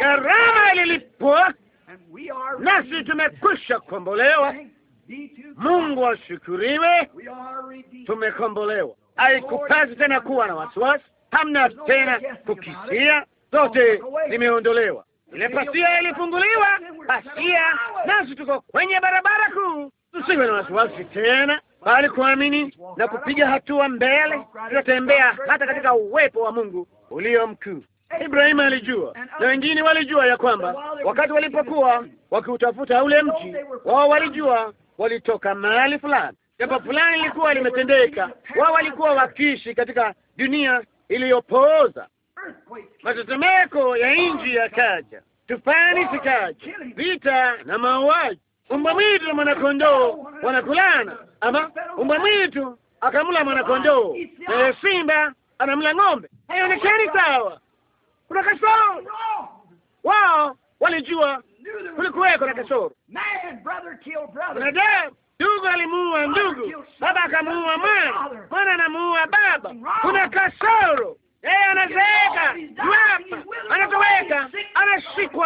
Gharama ililipwa, nasi tumekwisha kombolewa. Mungu ashukuriwe, tumekombolewa. Haikupasi tena kuwa na wasiwasi, hamna tena kukisia, zote zimeondolewa ile pasia ilifunguliwa, pasia, nasi tuko kwenye barabara kuu. Tusiwe na wasiwasi tena, bali kuamini na kupiga hatua mbele. Tutatembea hata katika uwepo wa Mungu ulio mkuu. Ibrahimu alijua na wengine walijua ya kwamba wakati walipokuwa wakiutafuta ule mti, wao walijua walitoka mahali fulani, jambo fulani lilikuwa limetendeka. Wao walikuwa wakiishi katika dunia iliyopooza matetemeko ya nji yakaja, tufani zikaja, vita na mauaji. umba mwitu na mwanakondoo wanakulana, ama umba mwitu akamula mwanakondoo, na simba anamla ng'ombe. Haionekani sawa, kuna kasoro. Wao walijua kulikuweko na kasoro. Mwanadamu ndugu alimuua ndugu, baba akamuua mwana, mwana anamuua baba. Kuna kasoro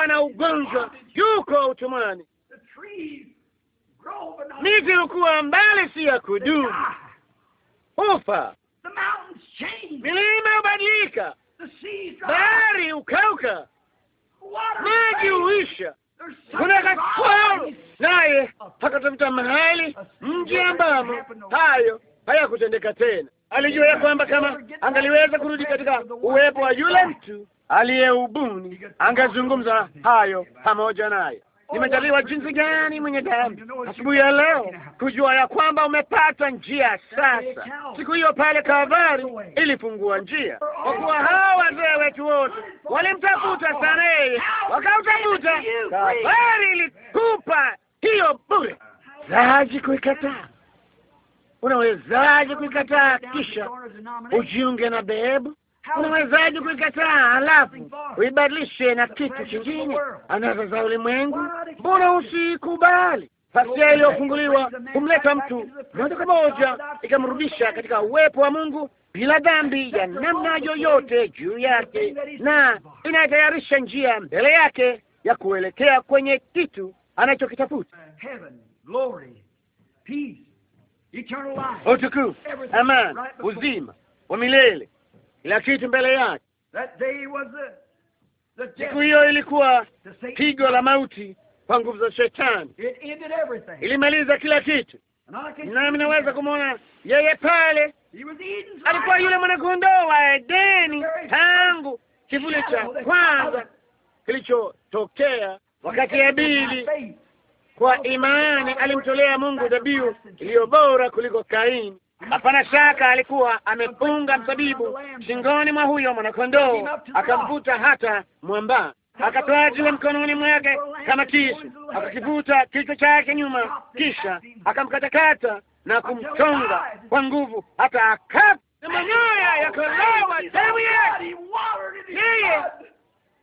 akiwa na ugonjwa, yuko utumwani. Miti hukuwa mbali, si ya kudumu, hufa. Milima hubadilika, bahari ukauka maji huisha, kuna kakao naye akatafuta mahali mji ambamo hayo hayakutendeka tena. Alijua ya kwamba kama angaliweza kurudi katika uwepo wa yule mtu aliyeubuni angezungumza hayo pamoja naye. Nimejaliwa jinsi gani mwenye dhambi asubuhi ya leo kujua ya kwamba umepata njia sasa. Siku hiyo pale Kavari ilifungua njia, kwa kuwa hao wazee wetu wote walimtafuta sana yeye, wakautafuta. Kavari ilikupa hiyo bure. Zaji kuikataa, unawezaje kuikataa? Kisha ujiunge na behebu unawezaje kuikataa halafu uibadilishe na kitu kingine? Anasa za ulimwengu, mbona usikubali? Pazia iliyofunguliwa kumleta mtu moja kwa moja, ikamrudisha katika uwepo wa Mungu bila dhambi ya namna yoyote juu yake, na inatayarisha njia mbele yake ya kuelekea kwenye kitu anachokitafuta: utukufu, amani, uzima wa milele kila kitu mbele yake. Siku hiyo ilikuwa pigo la mauti kwa nguvu za Shetani, ilimaliza kila kitu. Nami naweza kumwona yeye pale, alikuwa yule mwanakondoo wa Edeni tangu kivuli cha kwanza kilichotokea wakati Habili kwa imani alimtolea Mungu dhabihu iliyo bora kuliko Kaini. Hapana shaka alikuwa amefunga msabibu shingoni mwa huyo mwanakondoo, akamvuta hata mwamba akatoa jiwe mkononi mwake kama kisu, akakivuta kichwa chake nyuma, kisha akamkatakata na kumchonga kwa nguvu hata akap na manyoya yakalowa damu yake, yeye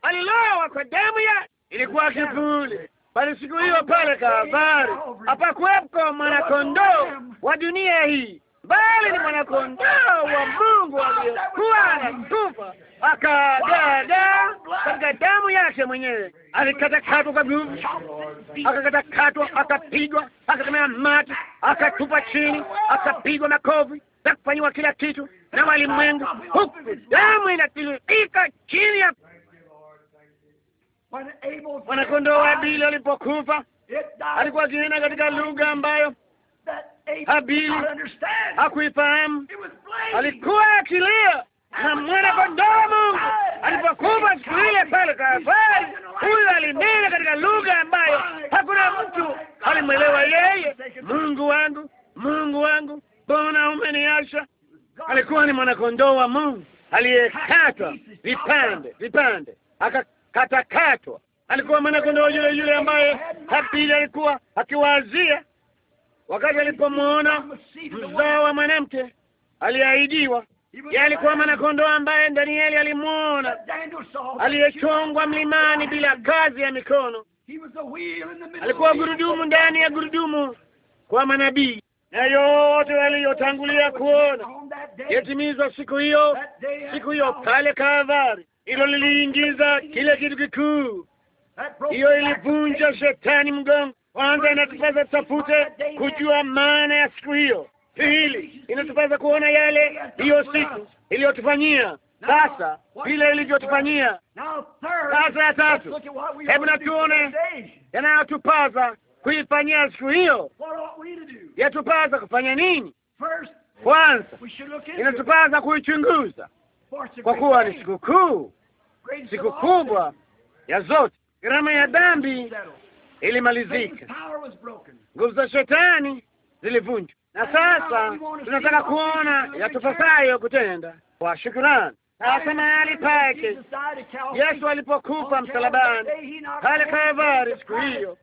alilowa kwa damu yake. Ilikuwa kivuli, bali siku hiyo pale Kalvari hapakuwepo mwanakondoo wa dunia hii bali ni mwanakondoo wa Mungu aliyekuwa anakufa akadada katika damu yake mwenyewe, alikatakatwa kwa akakata akakatakatwa, akapigwa, akatemea mate, akatupa chini, akapigwa makofi na kufanyiwa kila kitu na walimwengu, huku damu inatiririka chini ya mwanakondoo wa Abili alipokufa alikuwa akinena katika lugha ambayo Habili hakuifahamu, alikuwa akilia na mwana kondoo Mungu alipokufa siku ile pale kaafari huyu alinena katika lugha ambayo hakuna mtu alimwelewa yeye. Mungu wangu, Mungu wangu, mbona umeniacha? Alikuwa ni mwana kondoo wa Mungu aliyekatwa vipande vipande, akakatakatwa. Alikuwa mwana kondoo yule yule ambaye Habili alikuwa akiwazia wakati alipomwona mzao wa mwanamke aliahidiwa. Yeye alikuwa mwanakondoo ambaye Danieli alimwona aliyechongwa mlimani bila kazi ya mikono. Alikuwa gurudumu ndani ya gurudumu kwa manabii na yote waliyotangulia kuona yatimizwa siku hiyo, siku hiyo pale Kalvari. Hilo liliingiza kile kitu kikuu, hiyo ilivunja shetani mgongo kwanza inatupasa tafute kujua maana ya siku hiyo. Pili, inatupasa kuona yale hiyo siku iliyotufanyia sasa, vile ilivyotufanyia sasa. Ya tatu, hebu na tuone yanayotupasa kuifanyia siku hiyo. Yatupasa kufanya nini? Kwanza inatupasa kuichunguza, kwa kuwa ni sikukuu, siku kubwa ya zote. Gharama ya dhambi ilimalizika, nguvu za shetani zilivunjwa, na sasa tunataka kuona yatupasayo kutenda kwa shukrani. Sasa mahali pake Yesu alipokufa msalabani pale Kalvari, siku hiyo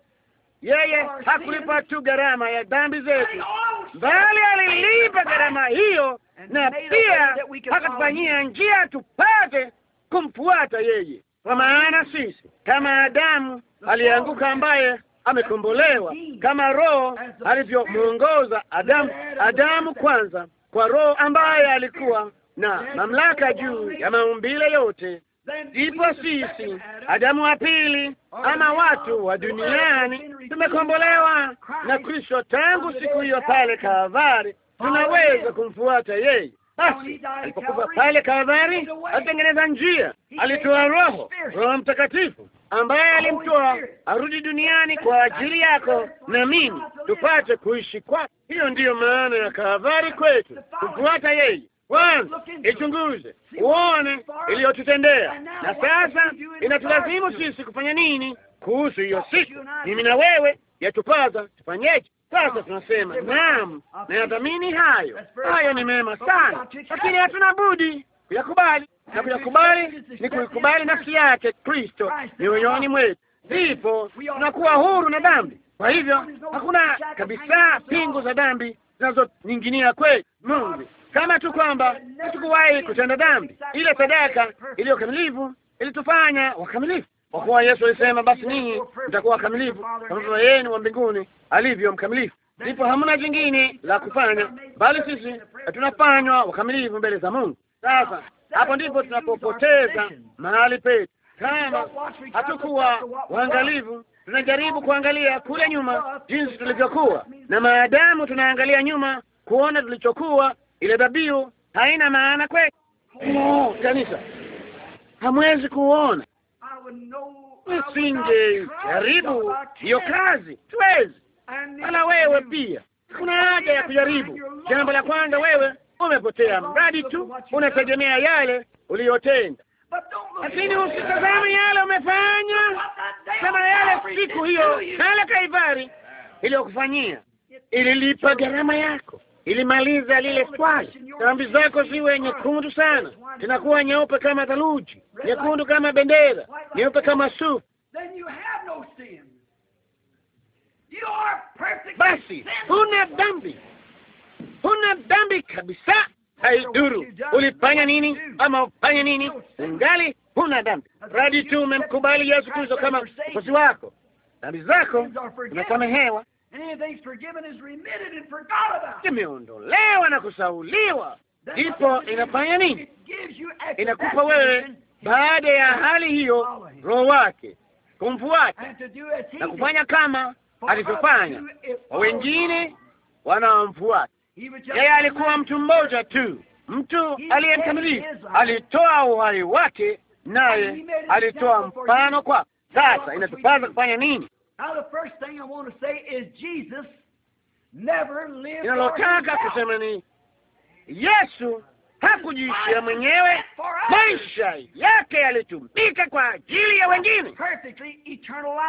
yeye hakulipa tu gharama ya dhambi zetu, oh, bali alilipa gharama hiyo, na pia akatufanyia njia tupate kumfuata yeye, kwa maana sisi kama Adamu aliyeanguka ambaye amekombolewa kama Roho alivyomwongoza Adamu, Adamu kwanza kwa Roho ambaye alikuwa na mamlaka juu ya maumbile yote. Ndipo sisi Adamu wa pili ama watu wa duniani tumekombolewa na Kristo tangu siku hiyo pale Kalvari, tunaweza kumfuata yeye. Basi alipokufa pale Kalvari, alitengeneza njia, alitoa Roho, Roho Mtakatifu ambaye alimtoa arudi duniani kwa ajili yako na mimi, tupate kuishi kwake. Hiyo ndiyo maana ya Kalvari kwetu, kufuata yeye. Kwanza ichunguze uone iliyotutendea, na sasa inatulazimu sisi kufanya nini kuhusu hiyo siku. Mimi na wewe yatupasa tufanyeje? Sasa tunasema naam, nayadhamini hayo, hayo ni mema sana, lakini hatuna budi kuyakubali na kuyakubali ni kuikubali nafsi yake Kristo mioyoni mwetu, ndipo tunakuwa huru na dhambi. Kwa hivyo hakuna kabisa pingu za dhambi zinazoning'inia kwetu Mungu, kama tu kwamba hatukuwahi kutenda dhambi. Ile sadaka iliyokamilifu ilitufanya wakamilifu, kwa kuwa Yesu alisema, basi ninyi mtakuwa wakamilifu kama Baba yenu wa mbinguni alivyo mkamilifu. Ndipo hamna jingine la kufanya, bali sisi tunafanywa wakamilifu mbele za Mungu sasa hapo ndipo tunapopoteza mahali petu, kama hatukuwa waangalivu. Tunajaribu kuangalia kule nyuma jinsi tulivyokuwa, na maadamu tunaangalia nyuma kuona tulichokuwa, ile dhabihu haina maana kwetu. No, kanisa, hamwezi kuona. Usinge jaribu hiyo kazi, siwezi wala wewe pia. Kuna haja ya kujaribu jambo la kwanza, wewe umepotea, mradi tu unategemea yale uliyotenda. Lakini usitazame yale umefanya, sema yale siku hiyo, yale Kaivari iliyokufanyia ililipa gharama yako, ilimaliza lile swali. Dhambi zako ziwe nyekundu sana, zinakuwa nyeupe kama theluji, nyekundu kama bendera, nyeupe kama sufu. Basi huna dhambi huna dhambi kabisa. Haiduru ulifanya nini ama ufanya nini, ungali huna dhambi, radi tu umemkubali Yesu Kristo kama mkozi wako, dhambi zako unasamehewa, imeondolewa na kusauliwa. Ndipo inafanya nini? Inakupa wewe baada ya hali hiyo roho wake kumfuata na kufanya kama alivyofanya wengine wanaomfuata. Yeye alikuwa mtu mmoja tu, mtu aliyemkamilifu, alitoa uhai wake, naye alitoa mfano kwa. Sasa inatupasa kufanya nini? Inalotaka kusema ni Yesu hakujiishia mwenyewe, maisha yake yalitumika kwa ajili ya wengine.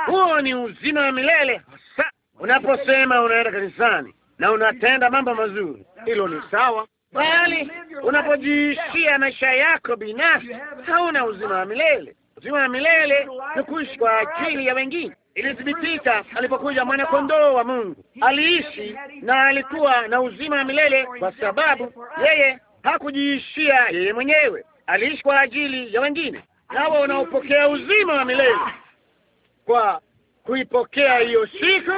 Huo ni uzima wa milele hasa. Unaposema unaenda kanisani na unatenda mambo mazuri, hilo ni sawa, bali unapojiishia maisha yako binafsi hauna uzima wa milele. Uzima wa milele ni kuishi kwa ajili ya wengine. Ilithibitika alipokuja mwanakondoo wa Mungu, aliishi na alikuwa na uzima wa milele, kwa sababu yeye hakujiishia yeye mwenyewe, aliishi kwa ajili ya wengine. Nawe unaopokea uzima wa milele kwa kuipokea hiyo siku,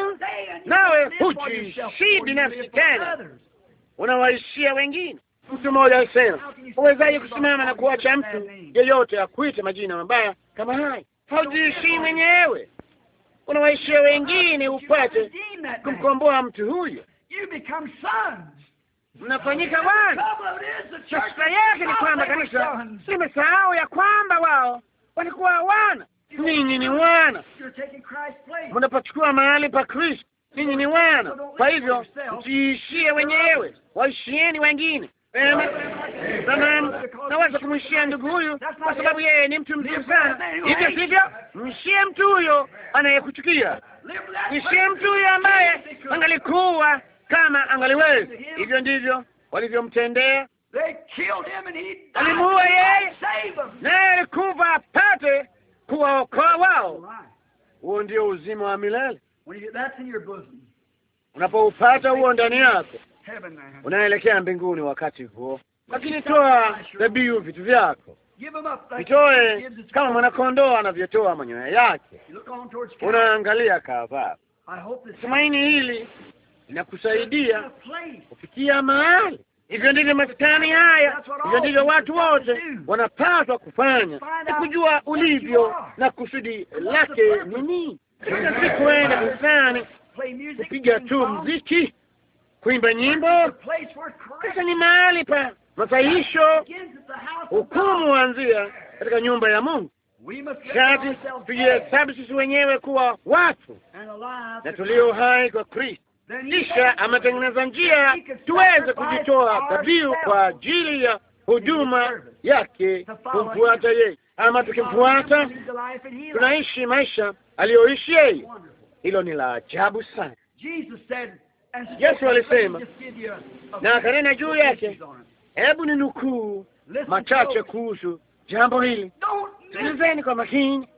nawe hujiishii binafsi tena, unawaishia wengine. Mtu mmoja alisema, uwezaje kusimama na kuacha mtu yeyote akuite majina mabaya kama haya? Haujiishii mwenyewe, unawaishia wengine upate kumkomboa mtu huyo. Mnafanyika wana. Shida yake ni kwamba kanisa limesahau ya kwamba wao walikuwa wana ninyi ni wana, mnapachukua mahali pa Kristo. Ninyi ni wana, kwa hivyo msiishie wenyewe, waishieni wengine. Naweza kumwishia ndugu huyu kwa sababu yeye ni mtu mzuri sana, hivyo sivyo? Mshie mtu huyo anayekuchukia, mshie mtu huyo ambaye angalikuwa kama angaliweza. Hivyo ndivyo walivyomtendea, alimuua yeye, naye alikuva apate kuwaokoa wao. Huo ndio uzima wa milele. Unapoupata huo ndani yako, unaelekea mbinguni wakati huo. Lakini toa dhabihu vitu vyako, vitoe kama mwanakondoo anavyotoa manyoya yake. Unaangalia kavaa Tumaini hili linakusaidia kufikia mahali Hivyo ndivyo maskani haya, hivyo ndivyo watu wote wanapaswa kufanya, ni kujua ulivyo na kusudi lake nini, si kuenda kanisani kupiga tu mziki, kuimba nyimbo. Sasa ni mahali pa masaisho. Hukumu huanzia katika nyumba ya Mungu. Shati tujihesabu sisi wenyewe kuwa watu na tulio hai kwa Kristo. Kisha ametengeneza njia tuweze kujitoa dhabihu kwa ajili ya huduma yake, kumfuata yeye. Ama tukimfuata tunaishi maisha aliyoishi yeye. Hilo ni la ajabu sana. Yesu alisema, na akanena juu yake. Hebu ni nukuu machache kuhusu jambo hili, sikilizeni kwa makini,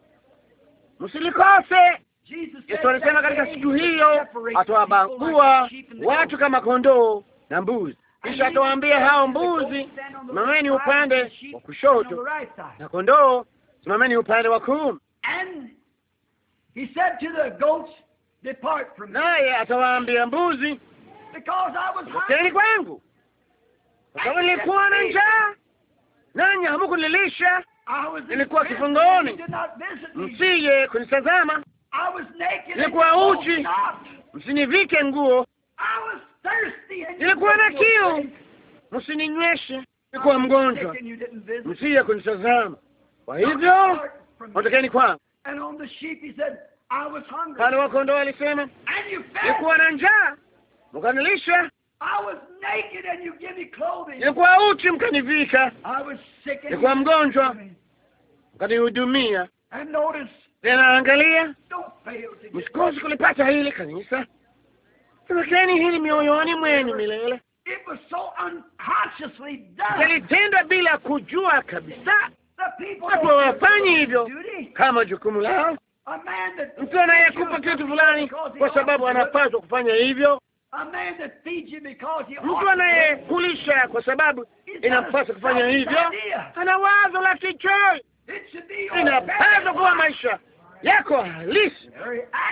msilikose. Yesu alisema katika siku hiyo atawabangua watu kama kondoo na mbuzi, kisha atawaambia hao mbuzi, simameni upande wa kushoto, na kondoo, simameni upande wa kuume. Naye atawaambia mbuzi, tokeni kwangu, kwa sababu nilikuwa na njaa nanyi hamukunilisha, nilikuwa kifungoni msije kunitazama nilikuwa uchi, msinivike nguo. Nilikuwa na kiu, msininyweshe. Nilikuwa mgonjwa, msije kunitazama. Kwa hivyo ondokeni kwangu. Pale wa kondoo alisema, nilikuwa na njaa, mkanilisha. Nilikuwa uchi, mkanivika. Nilikuwa mgonjwa, mkanihudumia linaangalia. Msikose kulipata hili kanisa, tumekeni hili mioyoni mwenu milele. Yalitendwa bila kujua kabisa. Watu hawafanyi hivyo kama jukumu lao. Mtu anayekupa kitu fulani kwa sababu anapaswa kufanya hivyo. Mtu anayekulisha kwa sababu inapaswa kufanya hivyo. Ana wazo la kichoi, inapaswa kuwa maisha yako halisi,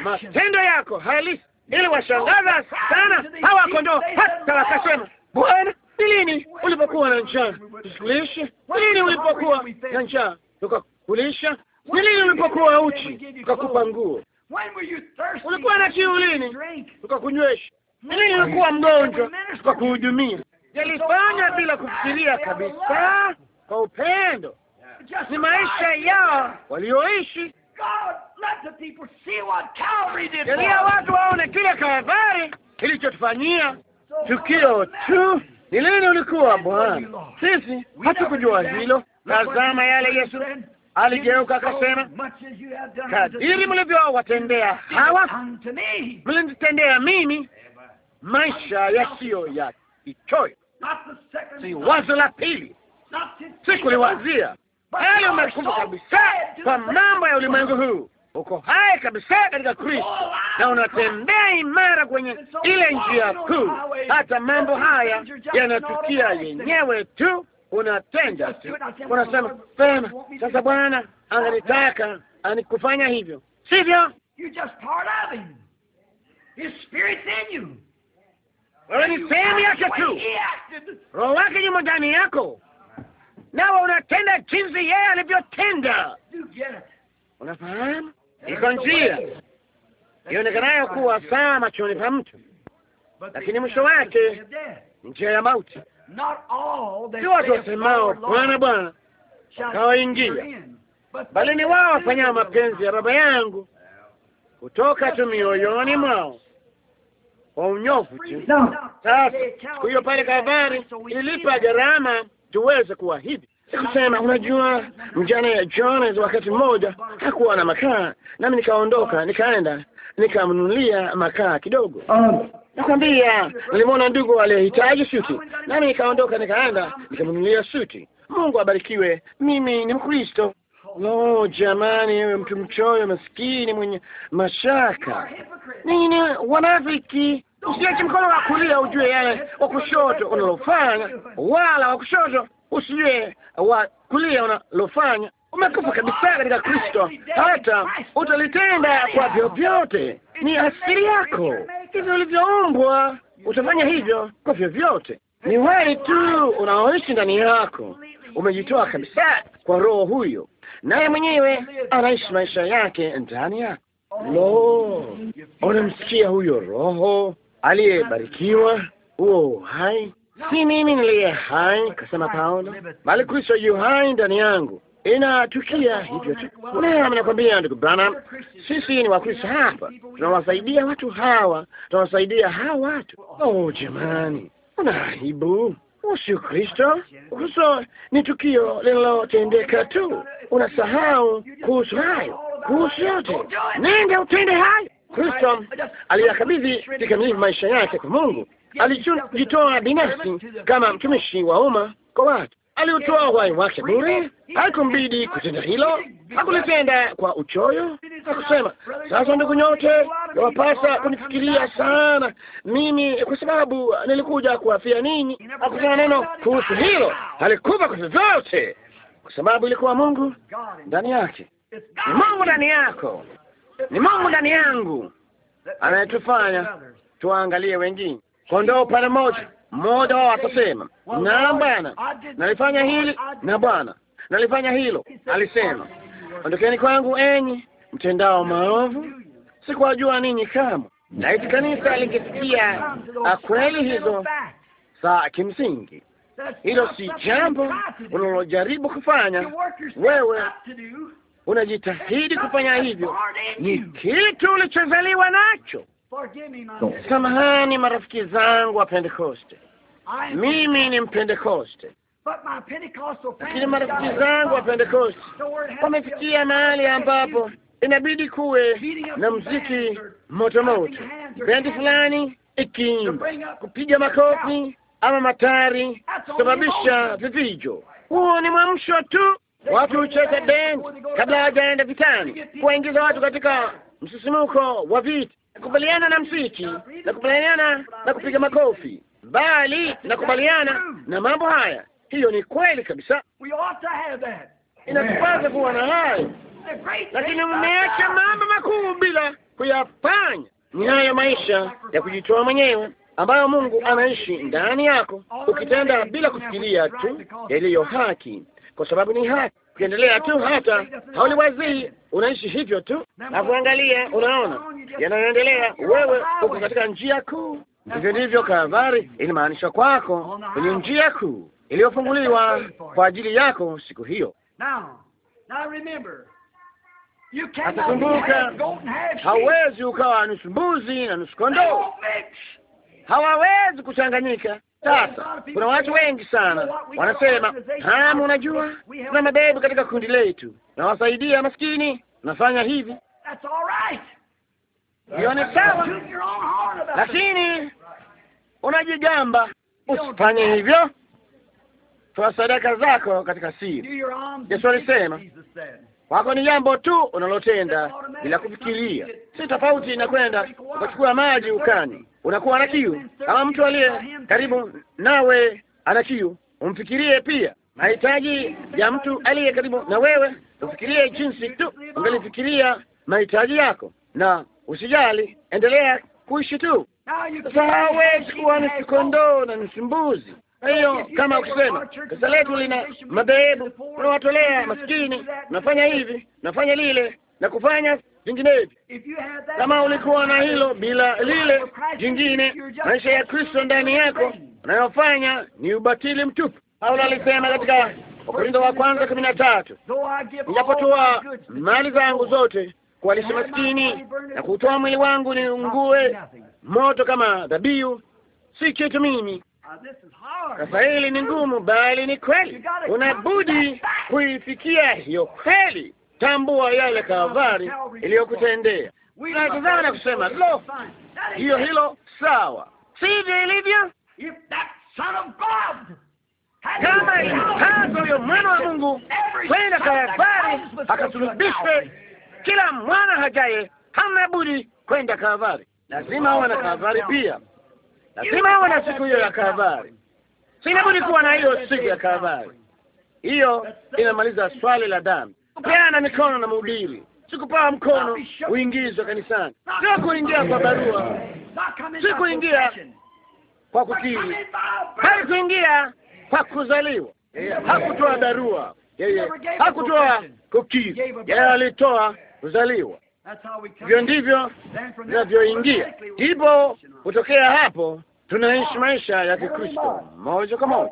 matendo yako halisi, ili washangaza oh, sana hawa kondoo, hata wakasema, Bwana, ni lini ulipokuwa na njaa tukulishe? Ni lini ulipokuwa na njaa tukakulisha? Ni lini ulipokuwa uchi tukakupa nguo? Ulikuwa na kiu lini tukakunywesha? Ni lini ulikuwa mgonjwa tukakuhudumia? Yalifanya bila kufikiria kabisa, kwa upendo. Ni maisha yao walioishi Jalia watu waone kile Kalvari kilichotufanyia. Tukio tu ni lini ulikuwa Bwana? Sisi hatukujua hilo. Tazama yale Yesu aligeuka akasema, kadiri mlivyowatendea hawa mlinitendea mimi. Maisha yasiyo ya itoyo, si wazo la pili, sikuliwazia bali umefufuka kabisa kwa mambo ya ulimwengu huu. Uko hai kabisa katika Kristo na unatembea imara kwenye ile njia kuu. Hata mambo haya yanatukia yenyewe tu, unatenda tu, unasema sema, sasa Bwana analitaka anikufanya hivyo, sivyo? Wewe ni sehemu yake tu, roho wake yumo ndani yako nawe unatenda jinsi yeye alivyotenda. Unafahamu, iko njia ionekanayo kuwa saa machoni pa mtu, lakini mwisho wake ni njia ya mauti. Si watu wasemao Bwana Bwana wakawaingia, bali ni wao wafanyao mapenzi ya Baba yangu kutoka tu mioyoni mwao kwa unyofu tu. Sasa hiyo pale Kalvari ilipa gharama tuweze kuwa kuahidi sikusema unajua, mjane Jones wakati mmoja hakuwa na makaa, nami nikaondoka nikaenda nikamnunulia makaa kidogo. Nakwambia, nilimwona ndugu aliyehitaji suti, nami nikaondoka nikaenda nikamnunulia suti. Mungu abarikiwe, mimi ni Mkristo. Lo, jamani, ewe mtu mchoyo maskini mwenye mashaka, nini wanafiki usiache mkono wa kulia ujue yale wa kushoto unalofanya, wala wa kushoto usijue wa kulia unalofanya. Umekufa kabisa katika Kristo, hata utalitenda kwa vyovyote. Ni asili yako, hivyo ulivyoumbwa, utafanya hivyo kwa vyovyote. Ni wewe tu unaoishi ndani yako, umejitoa kabisa kwa roho huyo, naye mwenyewe anaishi maisha yake ndani yako. Lo, unamsikia huyo roho aliyebarikiwa huo hai, si mimi niliye hai, kasema Paulo, bali Kristo yu hai ndani yangu. Inatukia hivyo tu. Naam, nakwambia ndugu Branham, sisi ni Wakristo hapa, tunawasaidia watu hawa, tunawasaidia hawa watu. Oh jamani, una aibu Usi Kristo. Kristo ni tukio linalotendeka tu, unasahau kuhusu hayo, kuhusu yote. Nenda utende hayo. Kristo aliyakabidhi kikamilifu maisha yake kwa Mungu. Alijitoa binafsi kama mtumishi wa umma kwa watu, aliutoa uhai wake bure. Haikumbidi kutenda hilo, hakulitenda kwa uchoyo. Hakusema sasa, ndugu nyote, yawapasa kunifikiria sana mimi kwa sababu nilikuja kuafia ninyi. Hakusema neno kuhusu hilo, alikufa kwa vyovyote, kwa sababu ilikuwa Mungu ndani yake, Mungu ndani yako. Ni Mungu ndani yangu anayetufanya tuangalie wengine. Kondoo upande moja mmoja wao atasema na Bwana, nalifanya hili na Bwana, nalifanya hilo. Alisema, ondokeni kwangu enyi mtendao maovu, sikuwajua ninyi kamwe. Laiti kanisa lingesikia akweli hizo za kimsingi hilo si jambo unalojaribu kufanya wewe unajitahidi kufanya hivyo, ni kitu ulichozaliwa nacho. Samahani marafiki zangu wa Pentekoste, mimi ni Mpentekoste, lakini marafiki zangu wa Pentekoste wamefikia mahali ambapo inabidi kuwe na mziki motomoto bendi fulani ikiimba, kupiga makofi ama matari, kusababisha vivijo. Huo ni mwamsho tu Watu hucheza band kabla hawajaenda vitani, kuwaingiza watu katika msisimuko wa vita, nakubaliana na na nakubaliana na kupiga makofi, bali nakubaliana na mambo haya. Hiyo ni kweli kabisa, inatupasa kuwa na hayo, lakini mmeacha mambo makuu bila kuyafanya. Ni hayo maisha ya kujitoa mwenyewe ambayo Mungu anaishi ndani yako, ukitenda bila kufikiria tu yaliyo haki kwa sababu ni haki. Ukiendelea tu hata hauliwazii, unaishi hivyo tu na kuangalia, unaona yanayoendelea, wewe uko katika njia kuu. Hivyo ndivyo Kalvari ilimaanisha kwako, kwenye njia kuu iliyofunguliwa kwa ajili yako siku hiyo. Atakumbuka, hauwezi ukawa nusu mbuzi na nusu kondoo, hawawezi kuchanganyika. Sasa kuna watu wengi sana wanasema hamu, unajua, na mabebu katika kundi letu nawasaidia maskini, nafanya hivi, ione sawa, lakini unajigamba, usifanye hivyo, toa sadaka zako katika siri. Yesu alisema wako ni jambo tu unalotenda bila kufikiria, si tofauti na kwenda ukachukua maji ukani unakuwa na kiu. Kama mtu aliye karibu nawe ana kiu, umfikirie pia mahitaji ya mtu aliye karibu na wewe, ufikirie jinsi tu ungelifikiria mahitaji yako, na usijali, endelea kuishi tu. Sasa hawezi kuwa nusu kondoo na nusu mbuzi. Kwa hiyo kama ukisema kanisa letu lina madhehebu, unawatolea maskini, unafanya hivi, unafanya lile na kufanya vinginevyo. Kama ulikuwa na hilo bila lile jingine, maisha ya Kristo ndani yako unayofanya ni ubatili mtupu. Paulo alisema katika Wakorintho wa kwanza kumi na tatu, ninapotoa mali zangu zote kuwalisha maskini na kutoa mwili wangu niungue moto kama dhabihu, si kitu mimi. Sasa hili ni ngumu, bali ni kweli. Unabudi kuifikia hiyo kweli tambua yale Kalvari iliyokutendea. Natazama na kusema lo, hiyo hilo sawa, sivyo ilivyo. Kama hazo huyo mwana wa Mungu kwenda Kalvari akasulubishwe, kila mwana hajaye hana budi kwenda Kalvari. Lazima awe na Kalvari pia, lazima awe na siku hiyo ya Kalvari. Sina budi kuwa na hiyo siku ya Kalvari. Hiyo inamaliza swali la damu kupeana mikono na mhubiri, sikupaa mkono uingizwe kanisani, sikuingia kwa barua, kuingia kwa bali kuingia kwa kuzaliwa, hakutoa barua yeye, hakutoa kukiri, yeye alitoa kuzaliwa. Hivyo ndivyo vinavyoingia, ndipo kutokea hapo tunaishi maisha ya Kikristo moja kwa moja.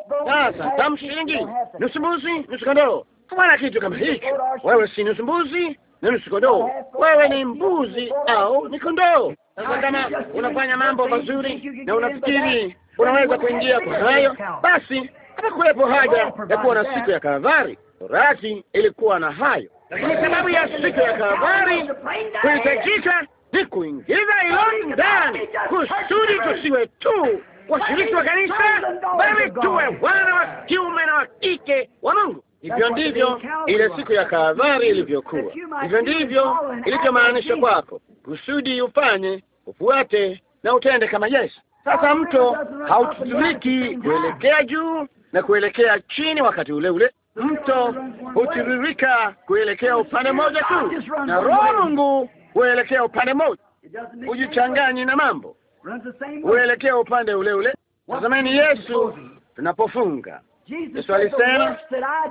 Sasa tamshi lingine, nusu mbuzi nusu kondoo kufanya kitu kama hicho. Wewe si nusu mbuzi na nusu kondoo, wewe ni mbuzi au ni kondoo. kama unafanya mambo mazuri na unafikiri unaweza kuingia kwa hayo, basi hapakuwepo haja ya kuwa na siku ya Kalvari. Torati ilikuwa na hayo, lakini sababu ya siku ya Kalvari kuhitajika ni kuingiza hilo ndani, kusudi tusiwe tu washiriki wa kanisa, bali tuwe wana wa kiume na wa kike wa Mungu. Hivyo ndivyo ile siku ya Kalvari ilivyokuwa, hivyo ndivyo ilivyomaanisha kwako, kusudi ufanye, ufuate na utende kama Yesu. Sasa mto haututiriki kuelekea juu na kuelekea chini wakati ule ule, mto hutiririka kuelekea upande mmoja tu, na Roho Mungu huelekea upande mmoja, hujichanganyi na mambo, huelekea upande ule ule. Tazameni Yesu tunapofunga Yesu alisema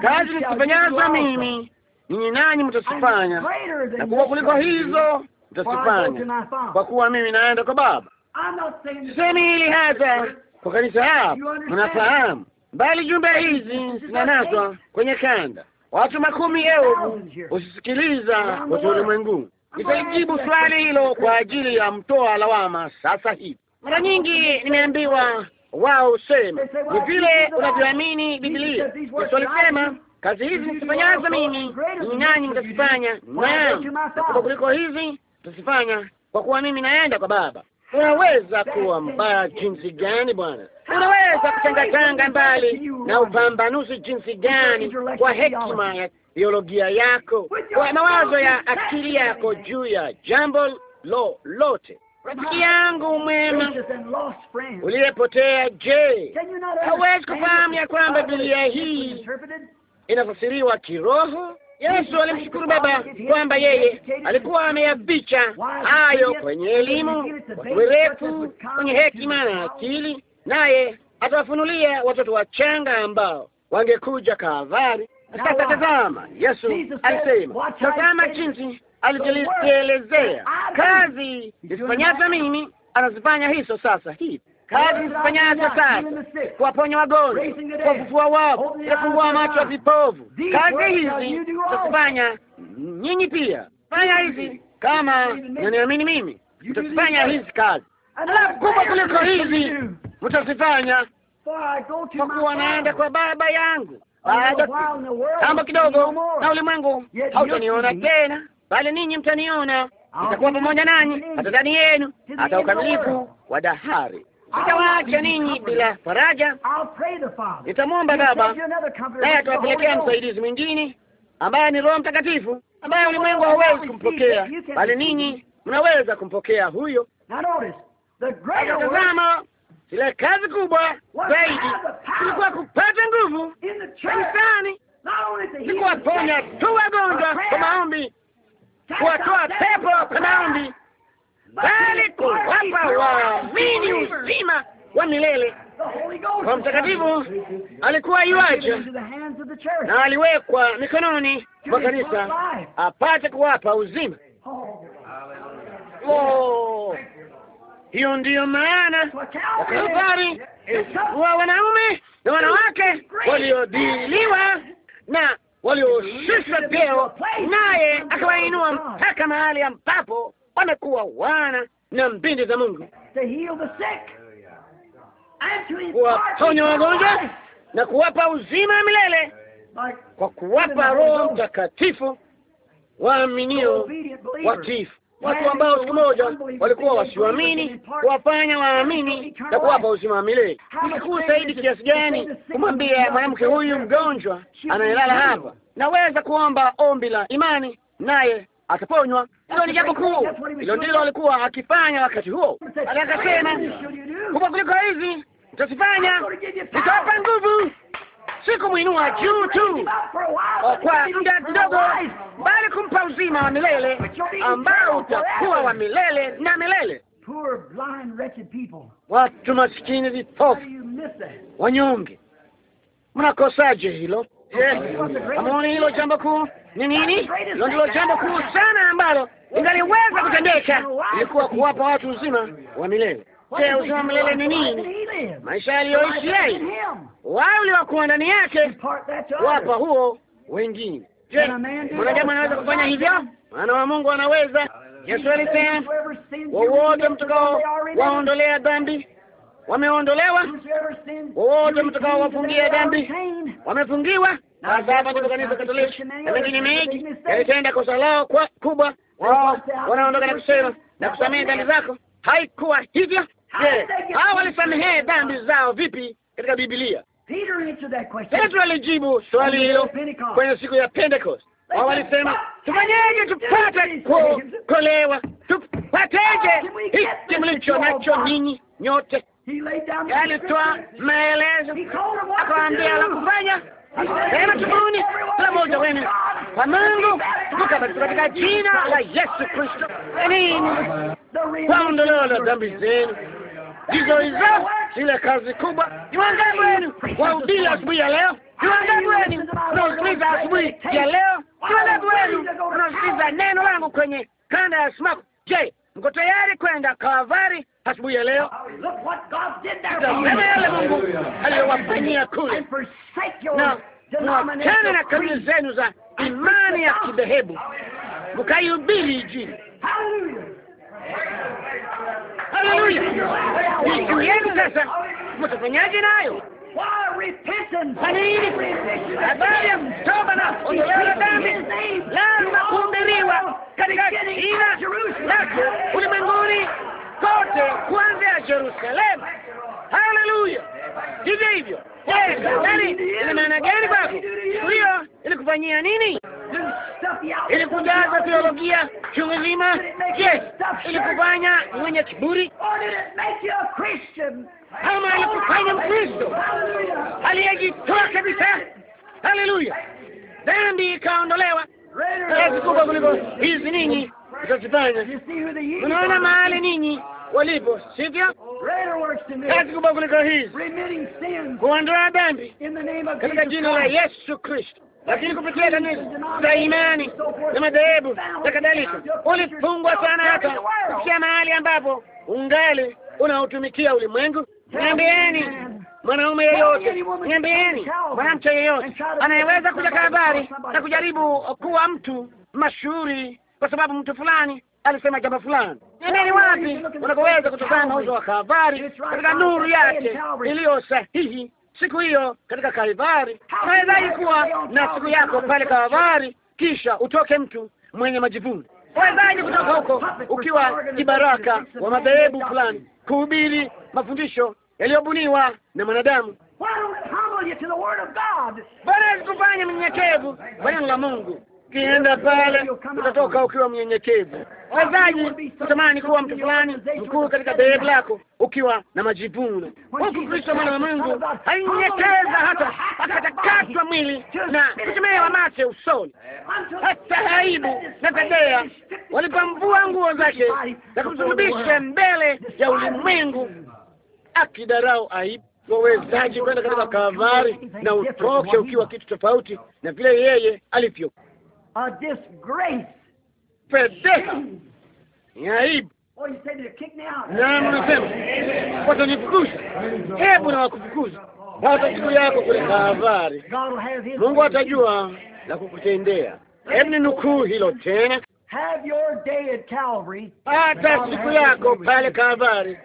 kazi msifanyazo mimi ninyi nanyi mtasifanya na kuwa kuliko hizo mtazifanya, kwa kuwa mimi naenda kwa Baba. Sisemi hili hata kwa kanisa hapa, mnafahamu, bali jumbe hizi zinanaswa kwenye kanda, watu makumi elfu usisikiliza kote ulimwenguni. nitajibu swali hilo kwa ajili ya mtoa lawama sasa hivi. Mara nyingi nimeambiwa wao sema ni vile unavyoamini Biblia. Yesu alisema kazi hizi nizifanyazo mimi ni nani mtazifanya nami, kuliko hizi tazifanya kwa kuwa mimi naenda kwa Baba. Unaweza kuwa mbaya jinsi gani Bwana, unaweza kutangatanga mbali na upambanuzi jinsi gani, kwa hekima ya biolojia yako, kwa mawazo ya akili yako juu ya jambo lolote rafiki yangu mwema uliyepotea, je, hawezi kufahamu ya kwamba Biblia hii inafasiriwa kiroho? Yesu alimshukuru Baba kwamba yeye alikuwa ameyaficha hayo kwenye elimu, watu werefu kwenye hekima na akili, naye atawafunulia watoto wachanga ambao wangekuja Kalvari. Sasa uh, tazama, Yesu alisema, tazama jinsi alichoelezea kazi nizifanyazo mimi anazifanya hizo sasa hivi kazi nizifanyazo sasa, kuwaponya wagonjwa, kuwafufua wafu, kufungua macho ya vipovu. Kazi hizi tutazifanya nyinyi pia, fanya hizi kama naniamini mimi, mtazifanya hizi kazi kubwa kuliko hizi mtazifanya, kwa kuwa naenda kwa Baba yangu. Baada kitambo kidogo na ulimwengu hautaniona tena bali ninyi mtaniona, nitakuwa pamoja nanyi hata ndani yenu, hata ukamilifu wa dahari. Sitawaacha ninyi bila faraja. Nitamwomba Baba, naye atawapelekea msaidizi mwingine ambaye ni Roho Mtakatifu, ambaye ulimwengu hauwezi kumpokea, bali ninyi mnaweza kumpokea huyo. Tazama, ile kazi kubwa zaidi ilikuwa kupata nguvu kanisani, ni kuwaponya tu wagonjwa kwa maombi kuwatoa pepo wapanaundi, bali kuwapa waamini uzima wa milele. Kwa Mtakatifu alikuwa iwaja na aliwekwa mikononi mwa kanisa apate kuwapa uzima. Oh, hiyo ndiyo maana wakahabari wa wanaume na wanawake waliodhiliwa na walioshusha vyeo, naye akawainua mpaka mahali ambapo wamekuwa wana na mbindi za Mungu, kuwaponya wagonjwa na kuwapa uzima wa milele kwa kuwapa Roho Mtakatifu waaminio watifu watu ambao siku moja walikuwa wasiamini kuwafanya waamini na kuwapa uzima milele. Mkuu zaidi kiasi gani kumwambia mwanamke huyu mgonjwa anayelala hapa, naweza kuomba ombi la imani naye ataponywa. Hilo ni jambo kuu, hilo ndilo alikuwa akifanya wakati huo. akasema kubwa kuliko hizi, mtasifanya, nitawapa nguvu sikumwinua juu tu kwa muda kidogo, bali kumpa uzima wa milele ambao utakuwa wa milele na milele. Watu masikini, vipofu, wanyonge, mnakosaje hilo? amoni hilo jambo kuu ni nini? Hilo ndilo jambo kuu sana ambalo ingaliweza kutendeka, ilikuwa kuwapa watu uzima wa milele cha milele ni nini? Maisha yaliyoishi yeye, wao waliokuwa ndani yake wapa huo wengine. Je, mwanadamu anaweza kufanya hivyo? Mwana wa Mungu anaweza. Yesu alisema, wowote mtakao waondolea dhambi wameondolewa, wowote mtakao wafungia dhambi wamefungiwa. Masaba katika kanisa Katoliki na mengine mengi yalitenda kosa lao kubwa, wanaondoka na kusema na kusamehe dhambi zako. Haikuwa hivyo. Je, hao walisamehe dhambi zao vipi katika Biblia? Petro alijibu swali hilo kwenye siku ya Pentecost. Wao walisema tufanyeje tupate kuokolewa? Tupateje hiki mlicho nacho ninyi nyote? Alitoa yaani maelezo, akawaambia la kufanya, akasema tubuni kila mmoja wenu kwa Mungu, mkabatizwe katika jina la Yesu Kristo, nini, kwa ondoleo la dhambi zenu hizo hizo zile kazi kubwa. Ni wangapi wenu wahubiri asubuhi ya leo? Ni wangapi wenu unaosikiliza asubuhi ya leo? Ni wangapi wenu unaosikiliza neno langu kwenye kanda ya sumaku? Je, mko tayari kwenda Kalvari asubuhi ya leo? Tazama yale Mungu aliyowafanyia kule, na mwachane na kanuni zenu za imani ya kidhehebu, mkaihubiri Injili. Haleluya! Juu sasa, mtafanyaje nayo? Kwa nini? Habari ya mtoba na ondoleo la dhambi lazima kuhubiriwa katika jina lake ulimwenguni kote, kuanzia Yerusalemu. Haleluya! Vivyo hivyo daktari, ina maana gani kwako? Siku hiyo ilikufanyia nini? Ilikujaza teolojia chungu nzima? Je, ilikufanya mwenye kiburi ama ilikufanya Mkristo aliyejitoa kabisa? Haleluya! Dhambi ikaondolewa kazi kubwa kuliko hizi ninyi zazifanya. Unaona mahali ninyi walipo, sivyo? kazi kubwa kuliko hii, kuondoa dhambi katika jina la Yesu Kristo. Lakini kupitia kanisa za imani na madhehebu na kadhalika, ulifungwa sana hata kupitia mahali ambapo ungali unautumikia ulimwengu. Niambieni mwanaume yeyote, niambieni mwanamke yeyote anayeweza kuja habari na kujaribu kuwa mtu mashuhuri kwa sababu mtu fulani alisema jambo fulani. Ni wapi unakoweza kutazama uso wa Kalvari katika nuru yake iliyo sahihi? Siku hiyo katika Kalvari unawezaji kuwa na siku yako pale Kalvari, kisha utoke mtu mwenye majivuno? Unawezaji kutoka huko ukiwa kibaraka wa madhehebu fulani, kuhubiri mafundisho yaliyobuniwa na mwanadamu? Bwana kufanya mnyenyekevu kwa neno la Mungu. kienda pale utatoka ukiwa mnyenyekevu wazaji kutamani kuwa mtu fulani mkuu katika dhehebu lako ukiwa na majivuno, huku Kristo mwana wa Mungu hainyenyekeza hata akatakatwa mwili na kutemewa mate usoni. Hata aibu na Tadea walipambua nguo zake na kumsulubisha mbele ya ulimwengu, akidarau aibu wawezaji kwenda katika kavari na utoke ukiwa kitu tofauti na vile yeye alivyo kupedeka ni aibu. Oh, Naam, unasema watanifukuza. Hebu na wakufukuza hata siku yako kule Kalvari, Mungu atajua la kukutendea. Hebu ni nukuu hilo tena, hata siku yako pale Kalvari,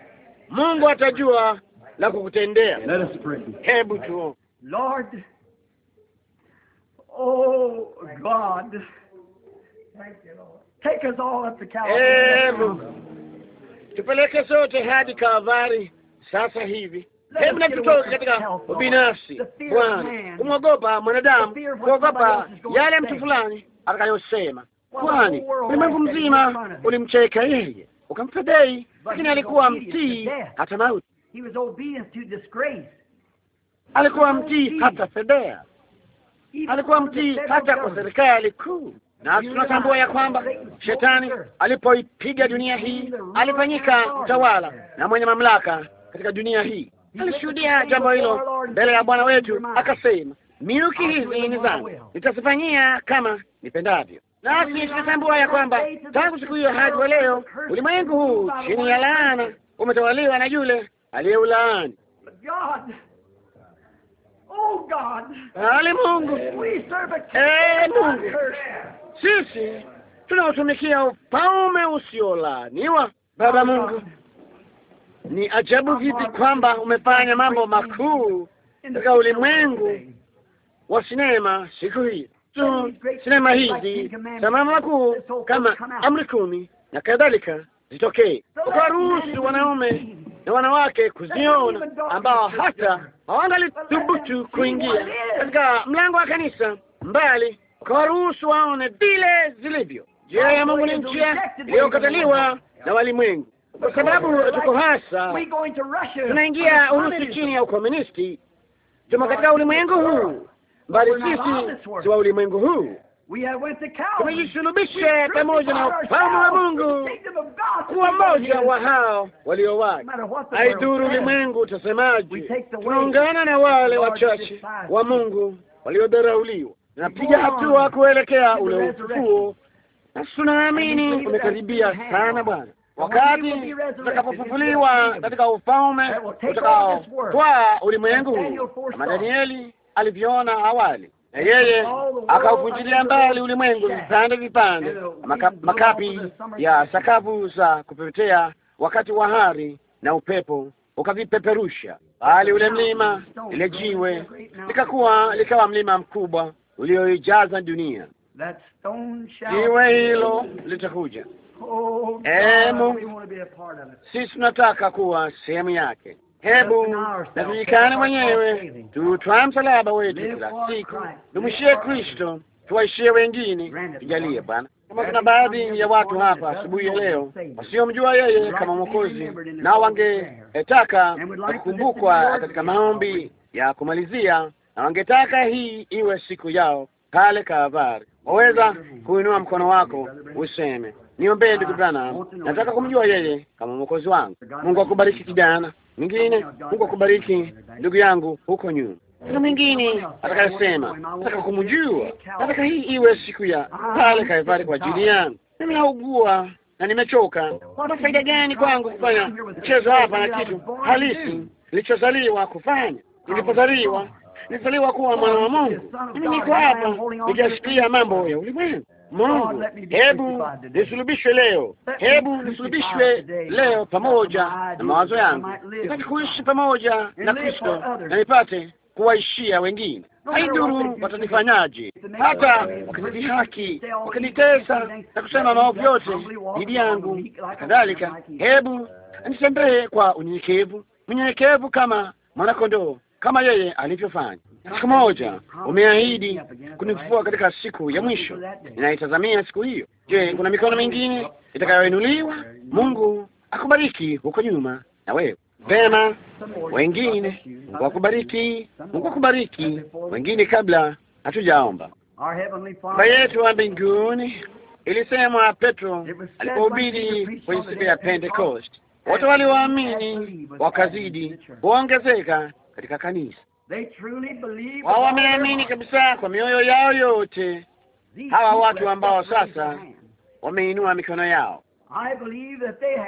Mungu atajua la kukutendea. Hebu tuo Lord, oh God. Thank you, Lord. Hebu tupeleke sote hadi Kalvari sasa hivi. Hebu na tutoke katika ubinafsi, Bwana, kumwogopa mwanadamu, kuogopa yale mtu fulani atakayosema, kwani ulimwengu mzima ulimcheka yeye ukampedei, lakini alikuwa mtii hata mauti. Alikuwa mtii hata fedea, alikuwa mtii hata kwa serikali kuu na tunatambua ya kwamba shetani alipoipiga dunia hii alifanyika mtawala na mwenye mamlaka katika dunia hii. Alishuhudia jambo hilo mbele ya Bwana wetu akasema, miuki hizi ni zangu, nitazifanyia kama nipendavyo. Nasi tunatambua ya kwamba tangu siku hiyo hadi wa leo ulimwengu huu chini ya laana umetawaliwa na yule aliyeulaani. Oh, God. Bali Mungu, ee Mungu sisi tunaotumikia ufalme usiolaaniwa. Baba Mungu, ni ajabu vipi kwamba umefanya mambo makuu katika ulimwengu wa sinema siku hii tu. Sinema hizi za mambo makuu kama amri kumi na kadhalika zitokee, ukaruhusu wanaume na wanawake kuziona, ambao hata hawangali thubutu kuingia katika mlango wa kanisa mbali ukawaruhusu waone vile zilivyo. Njia ya Mungu ni njia iliyokataliwa na walimwengu, kwa sababu tuko hasa tunaingia Urusi chini ya ukomunisti. Tuma katika ulimwengu huu, bali sisi si wa ulimwengu huu. Tumejisulubisha pamoja na ufalme wa Mungu kuwa mmoja wa hao waliowaje, Haidhuru ulimwengu utasemaje, tunaungana na wale wachache wa Mungu waliodharauliwa. Napiga hatua kuelekea ule ufufuo, na tunaamini umekaribia sana, Bwana. Wakati utakapofufuliwa katika ufalme utakaotwaa ulimwengu, kama Danieli alivyoona awali, na yeye akaufunjilia mbali ulimwengu vipande vipande, maka, makapi ya sakafu za kupepetea wakati wa hari na upepo ukavipeperusha, bali ule mlima, lile jiwe likakuwa likawa mlima mkubwa ulioijaza dunia. Jiwe hilo litakuja. Oh, ee sisi tunataka kuwa sehemu yake. Hebu natuikane mwenyewe, tutwae msalaba wetu kila siku, dumishie Kristo, tuwaishie wengine. Tujalie Bwana, kama kuna baadhi ya watu hapa asubuhi ya leo wasiomjua yeye kama Mwokozi, nao wangetaka kukumbukwa katika maombi ya kumalizia na wangetaka hii iwe siku yao pale Kavari. Waweza kuinua mkono wako useme, niombee ndugu Branham, nataka kumjua yeye kama mwokozi wangu. Mungu akubariki kijana mwingine. Mungu akubariki ndugu yangu huko nyuma. Kuna mwingine atakayesema, nataka kumjua, nataka hii iwe siku ya pale Kalvari kwa ajili yangu. Mimi naugua na nimechoka. Kuna faida gani kwangu kufanya mchezo hapa na kitu halisi nilichozaliwa kufanya nilipozaliwa nizaliwa kuwa mwana wa Mungu. Mimi niko hapa nijashikilia mambo ya ulimwengu. Mungu, hebu nisulubishwe leo, hebu nisulubishwe leo pamoja na mawazo yangu, nipate kuishi pamoja na Kristo na nipate kuwaishia wengine. Haidhuru watanifanyaje, hata wakinidhihaki, wakinitesa na kusema maovu yote dhidi yangu na kadhalika, hebu nitembee kwa unyenyekevu, mnyenyekevu kama mwanakondoo kama yeye alivyofanya. Siku moja umeahidi kunifufua katika siku ya mwisho, ninaitazamia siku hiyo. Je, kuna mikono mingine itakayoinuliwa? Mungu akubariki huko nyuma na wewe vema, wengine Mungu akubariki, Mungu akubariki wengine kabla hatujaomba. Baba yetu wa mbinguni, ilisemwa Petro alipohubiri kwenye siku ya Pentecost, wote waliwaamini wakazidi kuongezeka katika kanisa. Wao wameamini kabisa kwa mioyo yao yote, hawa watu ambao sasa wameinua mikono yao.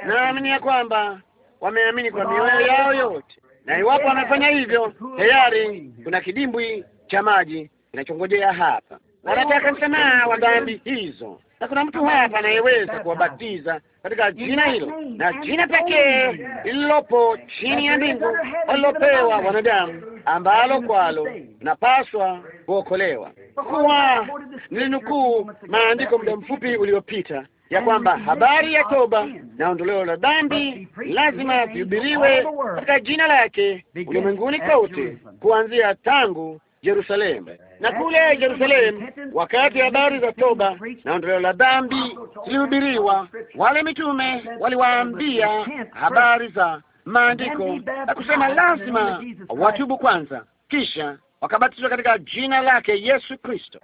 Naamini ya kwamba wameamini kwa mioyo yao yote, na iwapo wamefanya hivyo, tayari kuna kidimbwi cha maji kinachongojea hapa. Wanataka msamaha wa dhambi hizo, na kuna mtu hapa anayeweza kuwabatiza katika jina hilo na jina pekee lililopo chini ya mbingu walilopewa wanadamu, ambalo kwalo napaswa kuokolewa. Kuwa nilinukuu maandiko muda mfupi uliopita ya kwamba habari ya toba na ondoleo la dhambi lazima vihubiriwe katika jina lake ulimwenguni kote, kuanzia tangu Yerusalemu. Eh, na eh, kule Yerusalemu, eh, wakati habari za toba na ondoleo la dhambi zilihubiriwa, wale mitume waliwaambia habari za maandiko na kusema lazima watubu kwanza, kisha wakabatizwa katika jina lake Yesu Kristo.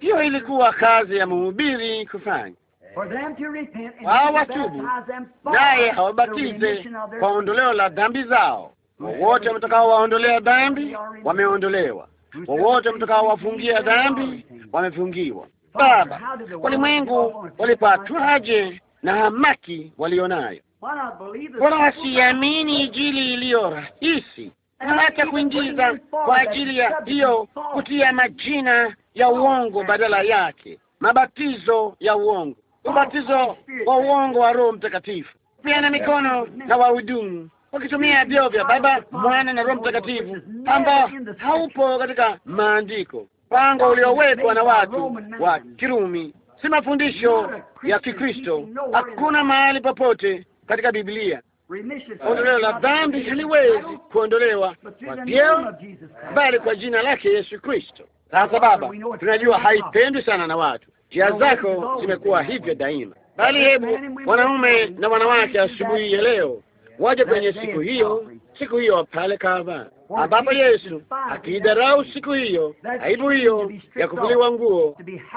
Hiyo ilikuwa kazi ya mhubiri kufanya wao watubu, naye hawabatize kwa ondoleo la dhambi zao. Wote watakao waondolea dhambi wameondolewa wowote mtakaowafungia dhambi wamefungiwa. Baba, walimwengu walipatwaje na hamaki walionayo? Bwana wasiamini ijili iliyo rahisi na hata kuingiza kwa ajili ya hiyo kutia majina ya uongo badala yake, mabatizo ya uongo, ubatizo wa uongo wa Roho Mtakatifu, pia na mikono na wahudumu wakitumia vyeo vya Baba, Mwana na Roho Mtakatifu, ambao haupo katika maandiko, mpango uliowekwa na watu wa Kirumi. Si mafundisho ya Kikristo. Hakuna mahali popote katika Biblia ondoleo la dhambi haliwezi kuondolewa kwa vyeo, bali kwa jina lake Yesu Kristo. Sasa Baba, tunajua haipendwi sana na watu, njia zako zimekuwa hivyo daima, bali hebu wanaume na wanawake asubuhi ya leo waje kwenye siku hiyo, siku hiyo pale kava ambapo Yesu akiidharau siku hiyo, aibu hiyo ya kuvuliwa nguo,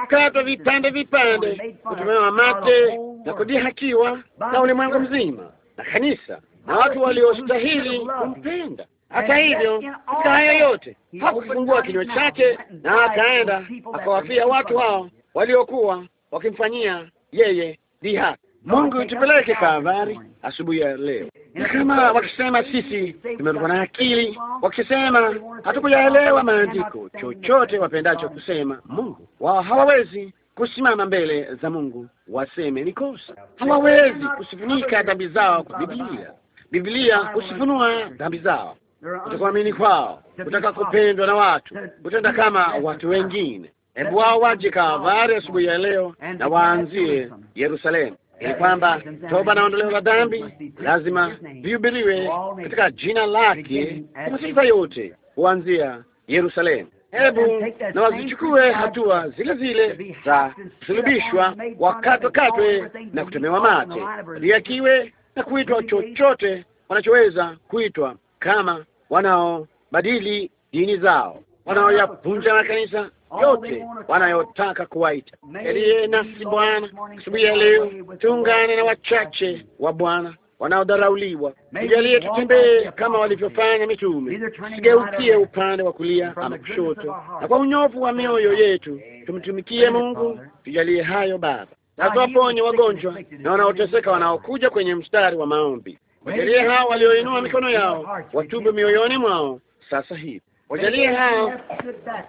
katwa vipande vipande, kutumewa mate na kudhihakiwa na ulimwengu mzima na kanisa na watu waliostahili kumpenda. Hata hivyo, katika haya yote hakufungua kinywa chake, na akaenda akawafia watu hao waliokuwa wakimfanyia yeye dhihaki. Mungu tupeleke Kavari asubuhi ya leo. kama wakisema sisi tumekuwa na akili, wakisema hatukuyaelewa maandiko, chochote wapendacho kusema Mungu wao hawawezi kusimama mbele za Mungu waseme ni kosa. Hawawezi kusifunika dhambi zao kwa Biblia, Biblia kusifunua dhambi zao, kutokuamini kwao, kutaka kupendwa na watu, kutenda kama watu wengine. Hebu wao waje Kavari asubuhi ya leo na waanzie Yerusalemu ili kwamba toba na ondoleo la dhambi lazima vihubiriwe katika jina lake kwa mataifa yote kuanzia Yerusalemu. Hebu na wazichukue hatua zile zile za kusulubishwa, wakatwekatwe na kutemewa mate, liakiwe na kuitwa chochote wanachoweza kuitwa, kama wanaobadili dini zao, wanaoyapunja makanisa Oh, yote wanayotaka kuwaita. eliye nasi Bwana asubuhi ya leo, tuungane na wachache wa Bwana wanaodharauliwa. Tujalie tutembee kama walivyofanya mitume, tusigeukie upande wa kulia ama kushoto, na kwa unyofu wa mioyo yetu tumtumikie Mungu. Tujalie hayo Baba, na tuwaponye wagonjwa na wanaoteseka, wanaokuja kwenye mstari wa maombi. Wajalie hao walioinua mikono yao watubu mioyoni mwao sasa hivi wajalie hao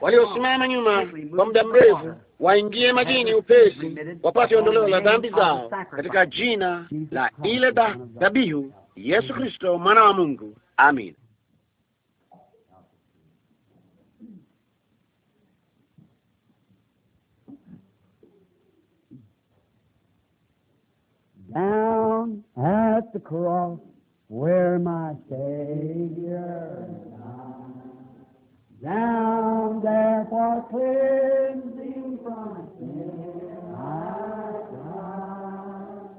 waliosimama nyuma kwa muda mrefu waingie majini upesi, wapate ondoleo la dhambi zao katika jina la ile dhabihu Yesu Kristo mwana wa Mungu. Amin. Down at the cross where my Savior Down there for cleansing from sin I died.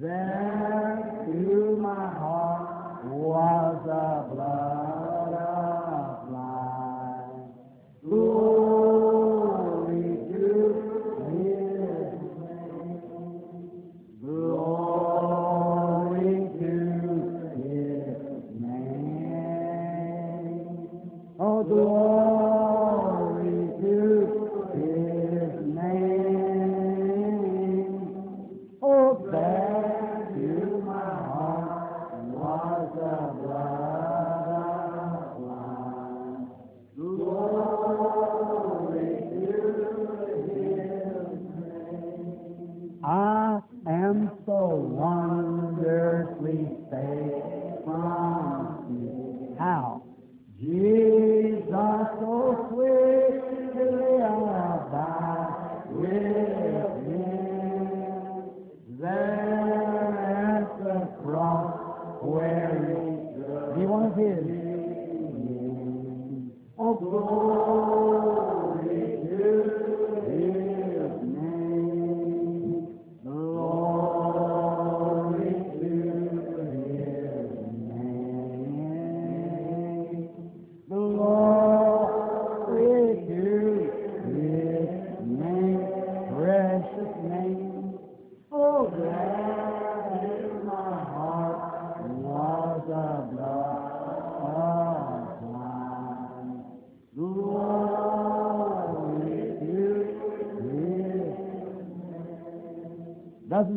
There through my heart was the blood of life. Lord, الله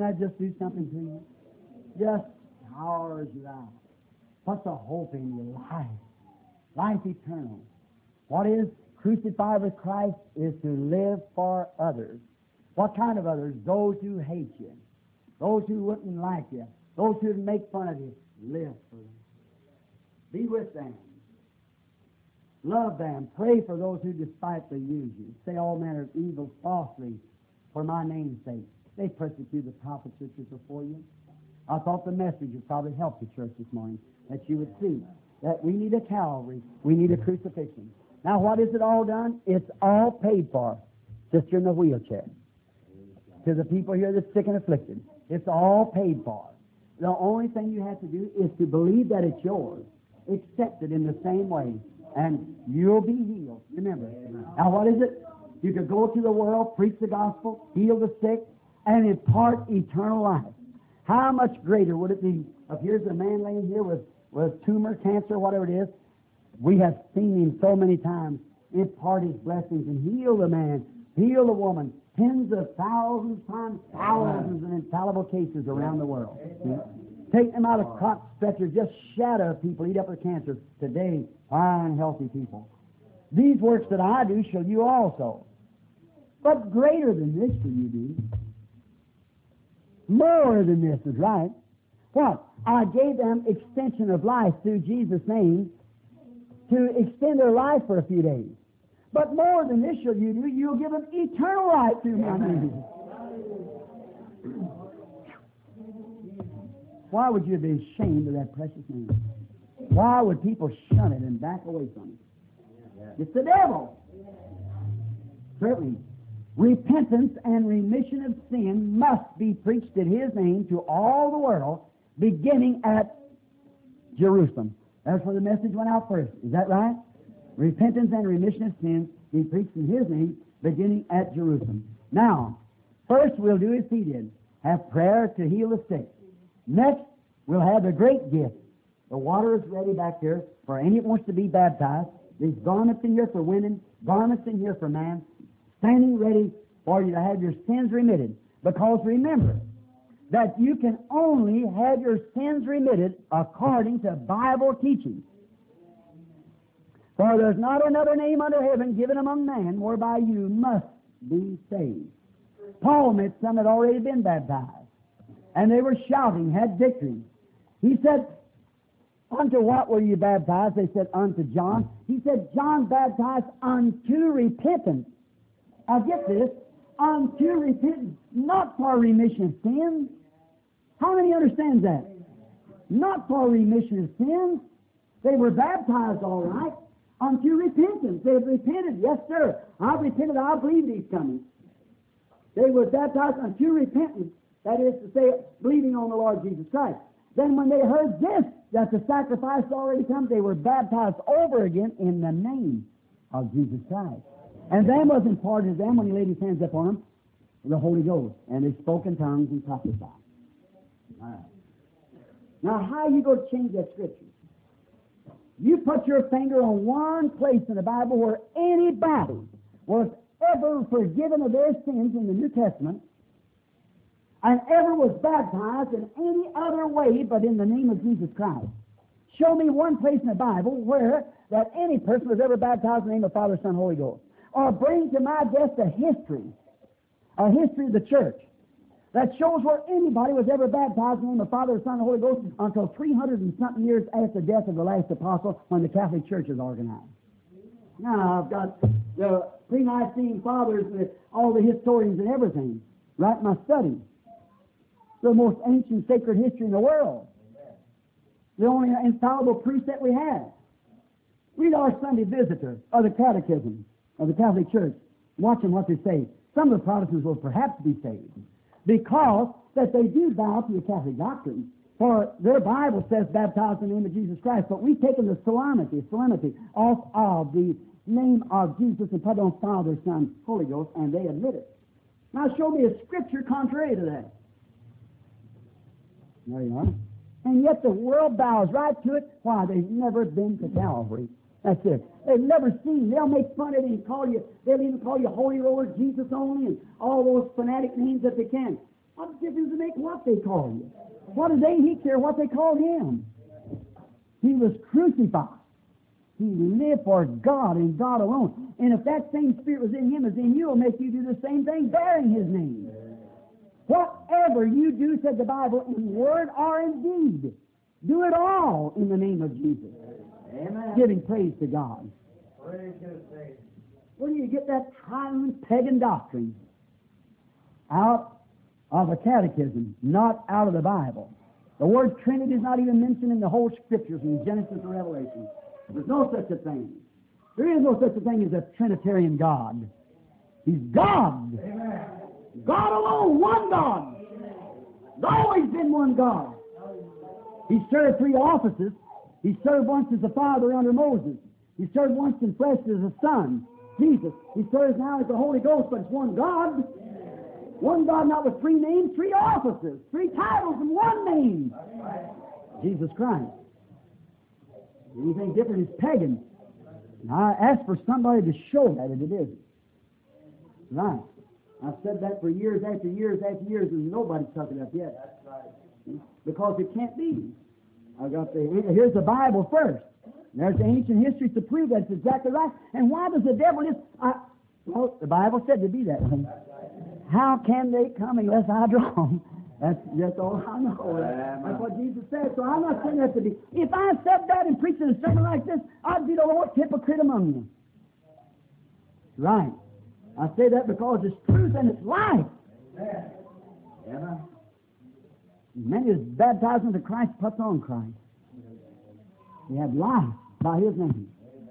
Can not that just do something to you? Just powers you out. What's the hope in your life? Life eternal. What is crucified with Christ is to live for others. What kind of others? Those who hate you, those who wouldn't like you, those who make fun of you. Live for them. Be with them. Love them. Pray for those who despitefully use you. Say all manner of evil falsely for my name's sake. They persecuted the prophets which are before you. I thought the message would probably help the church this morning, that you would see that we need a Calvary, we need a crucifixion. Now, what is it all done? It's all paid for. Sister in the wheelchair. To the people here that's sick and afflicted. It's all paid for. The only thing you have to do is to believe that it's yours. Accept it in the same way. And you'll be healed. Remember. Now, what is it? You could go to the world, preach the gospel, heal the sick, and impart eternal life. How much greater would it be if here's a man laying here with, with tumor, cancer, whatever it is? We have seen him so many times impart his blessings and heal the man, heal the woman, tens of thousands times thousands of infallible cases around the world. Take them out of cot stretchers, just shatter people, eat up with cancer. Today, fine, healthy people. These works that I do shall you also. But greater than this shall you do. More than this is right. What? I gave them extension of life through Jesus' name to extend their life for a few days. But more than this shall you do, you'll give them eternal life through my name. Why would you be ashamed of that precious name? Why would people shun it and back away from it? It's the devil. Certainly, Repentance and remission of sin must be preached in His name to all the world, beginning at Jerusalem. That's where the message went out first. Is that right? Repentance and remission of sins be preached in His name, beginning at Jerusalem. Now, first we'll do as He did have prayer to heal the sick. Next, we'll have the great gift. The water is ready back here for any that wants to be baptized. There's garments in here for women, garments in here for men standing ready for you to have your sins remitted. Because remember that you can only have your sins remitted according to Bible teaching. For there's not another name under heaven given among men whereby you must be saved. Paul met some that had already been baptized, and they were shouting, had victory. He said, Unto what were you baptized? They said, Unto John. He said, John baptized unto repentance. Now get this, unto repentance, not for remission of sins. How many understands that? Not for remission of sins. They were baptized all right unto repentance. They've repented. Yes, sir. I've repented. I believe he's coming. They were baptized unto repentance. That is to say, believing on the Lord Jesus Christ. Then when they heard this, that the sacrifice already come, they were baptized over again in the name of Jesus Christ. And then was imparted to them when he laid his hands upon them the Holy Ghost, and they spoke in tongues and prophesied. Now, how you going to change that scripture? You put your finger on one place in the Bible where anybody was ever forgiven of their sins in the New Testament and ever was baptized in any other way but in the name of Jesus Christ. Show me one place in the Bible where that any person was ever baptized in the name of Father, Son, Holy Ghost or uh, bring to my desk a history, a history of the church that shows where anybody was ever baptized in the name of the Father, Son, and the Holy Ghost until 300 and something years after the death of the last apostle when the Catholic Church is organized. Now I've got the pre-Nicene fathers and all the historians and everything. Write my study. The most ancient sacred history in the world. The only infallible precept we have. Read our Sunday Visitor or the Catechism of the Catholic Church, watching what they say, some of the Protestants will perhaps be saved because that they do bow to the Catholic doctrine. For their Bible says, baptized in the name of Jesus Christ, but we've taken the solemnity, solemnity off of the name of Jesus and put on Father, Son, Holy Ghost, and they admit it. Now show me a scripture contrary to that. There you are. And yet the world bows right to it. Why? They've never been to Calvary. That's it. They've never seen. They'll make fun of you and call you. They'll even call you Holy Roller, Jesus only, and all those fanatic names that they can. What difference does it make what they call you? What do they he care what they call him? He was crucified. He lived for God and God alone. And if that same spirit was in him as in you, will make you do the same thing, bearing his name. Whatever you do, said the Bible, in word or in deed, do it all in the name of Jesus. Amen. Giving praise to God. Praise Where do you get that triune pagan doctrine? Out of a catechism, not out of the Bible. The word Trinity is not even mentioned in the whole Scriptures from Genesis to Revelation. There's no such a thing. There is no such a thing as a Trinitarian God. He's God. Amen. God alone, one God. always been one God. He served three offices, he served once as a father under Moses. He served once and fresh as a son, Jesus. He serves now as the Holy Ghost, but it's one God. One God, not with three names, three offices, three titles, and one name. Jesus Christ. Anything different is pagan. And I ask for somebody to show that, and it isn't. Right. I've said that for years after years after years, and nobody's took it up yet. Because it can't be. I got the, here's the Bible first. There's ancient history to prove that's exactly right. And why does the devil just, I, well, the Bible said to be that one. How can they come unless I draw them? That's, just all I know. That's what Jesus said. So I'm not saying that to be. If I said that and preached in a sermon like this, I'd be the worst hypocrite among them. Right. I say that because it's truth and it's life. Amen many is baptized into Christ puts on Christ. We have life by His name.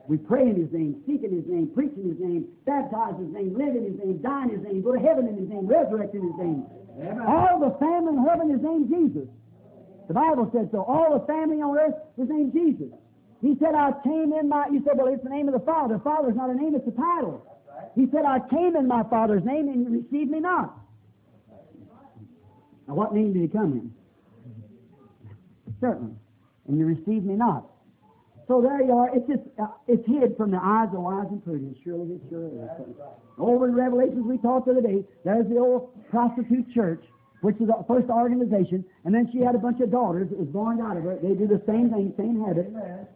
We pray in His name, seek in His name, preach in His name, baptize in His name, live in His name, die in His name, go to heaven in His name, resurrect in His name. All the family in heaven is named Jesus. The Bible says so. All the family on earth is named Jesus. He said, I came in my, you said, well, it's the name of the Father. Father is not a name, it's a title. He said, I came in my Father's name and you received me not. Now, what name did he come in? Certainly. And you received me not. So there you are. It's just uh, it's hid from the eyes of wise and prudent. Surely it sure is. Over in Revelations we talked the other day. There's the old prostitute church which is the first organization, and then she had a bunch of daughters that was born out of her. They do the same thing, same habit.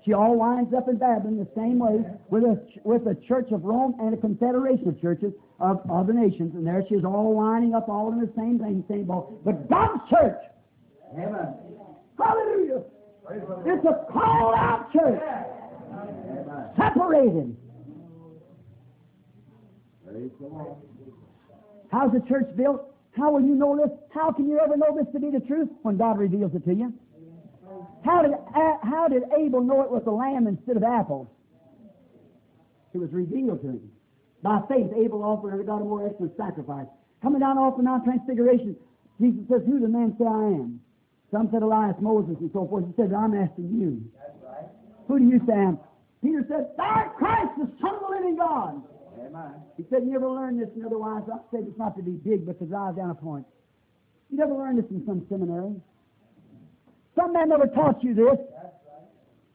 She all winds up in Babylon the same way with a, with a church of Rome and a confederation of churches of other nations, and there she is all lining up all in the same thing, same ball. But God's church! Amen. Hallelujah! It's a called out church! Amen. Separated! How's the church built? How will you know this? How can you ever know this to be the truth when God reveals it to you? How did, how did Abel know it was a lamb instead of apples? It was revealed to him. By faith, Abel offered God a more excellent sacrifice. Coming down off the Mount Transfiguration, Jesus says, Who the man say I am? Some said Elias, Moses, and so forth. He said, I'm asking you. Right. Who do you say I am? Peter said, Thou Christ, the Son of the living God. He said, You never learn this in other wives. I said it's not to be big, but to drive down a point. You never learned this in some seminary. Some man never taught you this.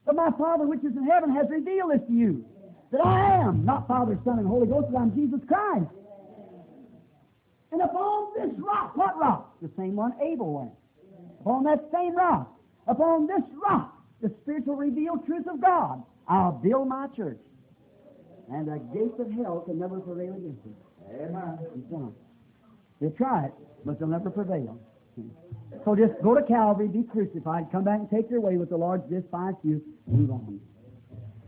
But my Father which is in heaven has revealed this to you. That I am not Father, Son, and Holy Ghost, but I'm Jesus Christ. And upon this rock, what rock? The same one Abel went. Upon that same rock, upon this rock, the spiritual revealed truth of God, I'll build my church. And the gates of hell can never prevail against them. Amen. You They try it, but they'll never prevail. So just go to Calvary, be crucified, come back and take your way with the Lord's despise you, move on.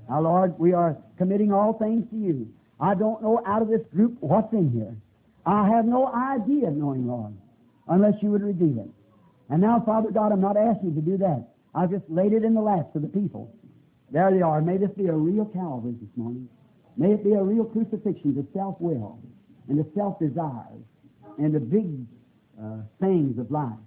Now, Lord, we are committing all things to you. I don't know out of this group what's in here. I have no idea of knowing, Lord, unless you would redeem it. And now, Father God, I'm not asking you to do that. I've just laid it in the laps of the people. There they are. May this be a real Calvary this morning. May it be a real crucifixion to self will and to self desires and the big uh, things of life.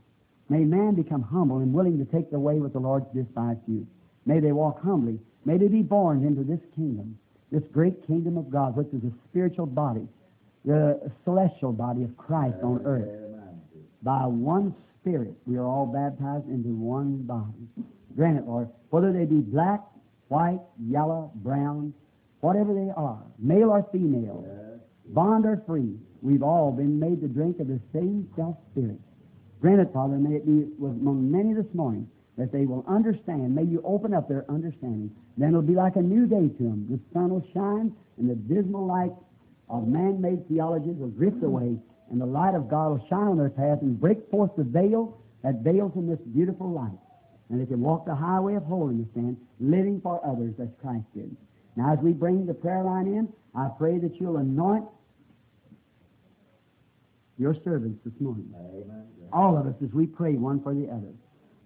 May man become humble and willing to take the way with the Lord's despised youth. May they walk humbly. May they be born into this kingdom, this great kingdom of God, which is the spiritual body, the celestial body of Christ on earth. By one Spirit, we are all baptized into one body. Grant it, Lord, whether they be black, white, yellow, brown, whatever they are, male or female, bond or free, we've all been made to drink of the same self spirit. Granted, Father, may it be with among many this morning that they will understand. May you open up their understanding. Then it'll be like a new day to them. The sun will shine, and the dismal light of man made theologies will drift mm. away, and the light of God will shine on their path and break forth the veil that veils in this beautiful light. And they can walk the highway of holiness then, living for others as Christ did. Now, as we bring the prayer line in, I pray that you'll anoint your servants this morning. Amen. All of us as we pray one for the other.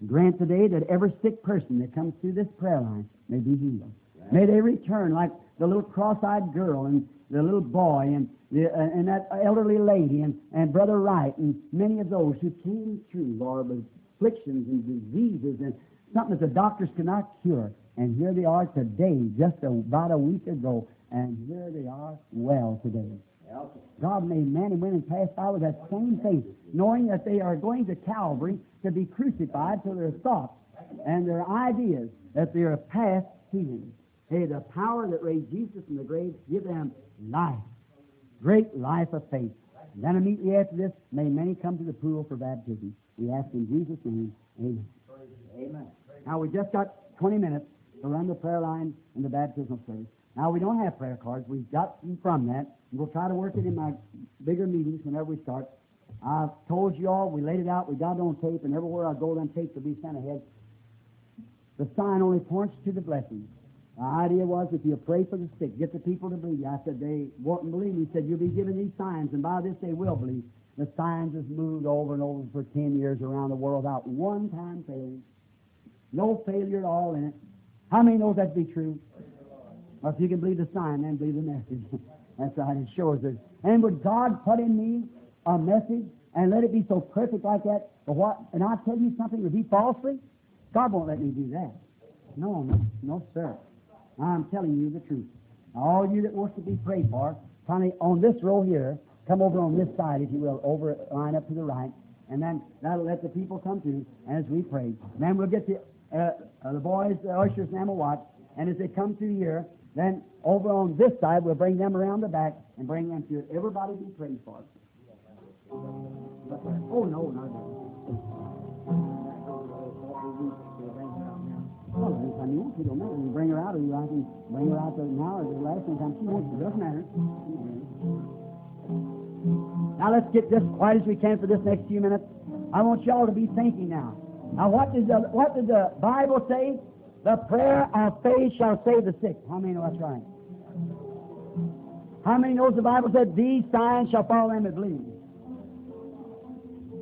Grant today that every sick person that comes through this prayer line may be healed. Amen. May they return like the little cross-eyed girl and the little boy and, the, uh, and that elderly lady and, and Brother Wright and many of those who came through, Lord, with afflictions and diseases and something that the doctors could not cure. And here they are today, just about a week ago, and here they are well today. God made men and women pass by with that same faith, knowing that they are going to Calvary to be crucified for their thoughts and their ideas, that they are past healing. Hey, the power that raised Jesus from the grave, give them life, great life of faith. And then immediately after this, may many come to the pool for baptism. We ask in Jesus' name, amen. Amen. Now, we just got 20 minutes to run the prayer line and the baptismal service. Now, we don't have prayer cards. We've gotten from that. We'll try to work it in my bigger meetings whenever we start. I've told you all, we laid it out, we got it on tape, and everywhere I go, them tape will be sent ahead. The sign only points to the blessing. The idea was if you pray for the sick, get the people to believe you. I said, they won't believe me. He said, you'll be given these signs, and by this they will believe. The signs has moved over and over for 10 years around the world without one time failing. No failure at all in it. How many knows that to be true? Well, if you can believe the sign, then believe the message. (laughs) That's how it shows us. And would God put in me a message and let it be so perfect like that? But what? And I tell you something, repeat falsely? God won't let me do that. No, no, no, sir. I'm telling you the truth. All you that wants to be prayed for, finally on this row here, come over on this side, if you will, over line up to the right, and then that'll let the people come through as we pray. And then we'll get the uh, uh, the boys, the ushers, and them will watch. And as they come through here, then over on this side, we'll bring them around the back and bring them to Everybody be prayed for. But, oh, no, not that. Well, anytime you want to, don't matter. You bring her out, or you I can bring her out there now, or the last time she wants it Doesn't matter. Now let's get this quiet as we can for this next few minutes. I want y'all to be thinking now. Now, what does the, what does the Bible say? The prayer of faith shall save the sick. How many know that's right? How many knows the Bible said, These signs shall follow them that believe?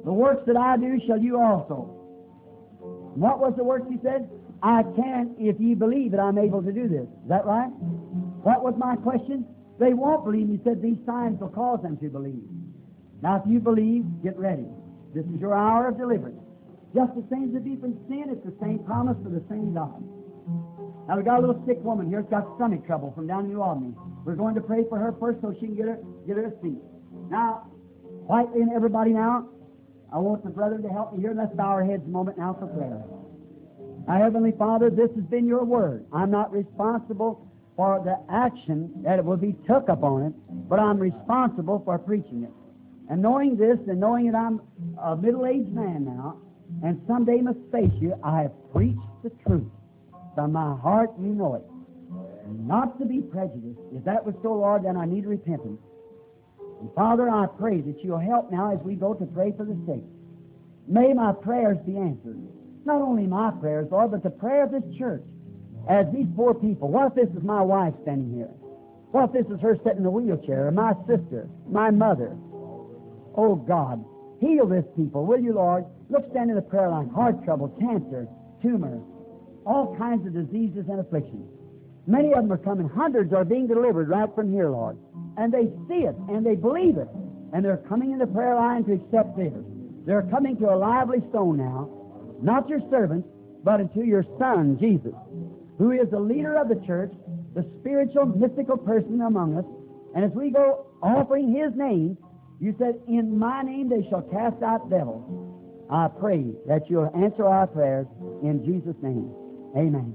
The works that I do shall you also. What was the works he said? I can if ye believe that I'm able to do this. Is that right? What was my question? They won't believe. He said these signs will cause them to believe. Now, if you believe, get ready. This is your hour of deliverance. Just the same as the deepest sin, it's the same promise for the same God. Now, we got a little sick woman here. She's got stomach trouble from down in New Albany. We're going to pray for her first so she can get her, get her a seat. Now, quietly and everybody now, I want the brethren to help me here. Let's bow our heads a moment now for prayer. Now, Heavenly Father, this has been your word. I'm not responsible for the action that will be took upon it, but I'm responsible for preaching it. And knowing this and knowing that I'm a middle aged man now, and someday must face you, I have preached the truth. From my heart, you know it. Not to be prejudiced. If that was so, Lord, then I need repentance. And Father, I pray that you'll help now as we go to pray for the sick. May my prayers be answered. Not only my prayers, Lord, but the prayer of this church. As these poor people, what if this is my wife standing here? What if this is her sitting in a wheelchair, or my sister, my mother? Oh God, heal this people, will you, Lord? Look, stand in the prayer line. Heart trouble, cancer, tumor, all kinds of diseases and afflictions. Many of them are coming. Hundreds are being delivered right from here, Lord. And they see it and they believe it. And they're coming in the prayer line to accept this. They're coming to a lively stone now, not your servants, but unto your Son, Jesus, who is the leader of the church, the spiritual, mystical person among us. And as we go offering his name, you said, In my name they shall cast out devils. I pray that you'll answer our prayers in Jesus' name. Amen.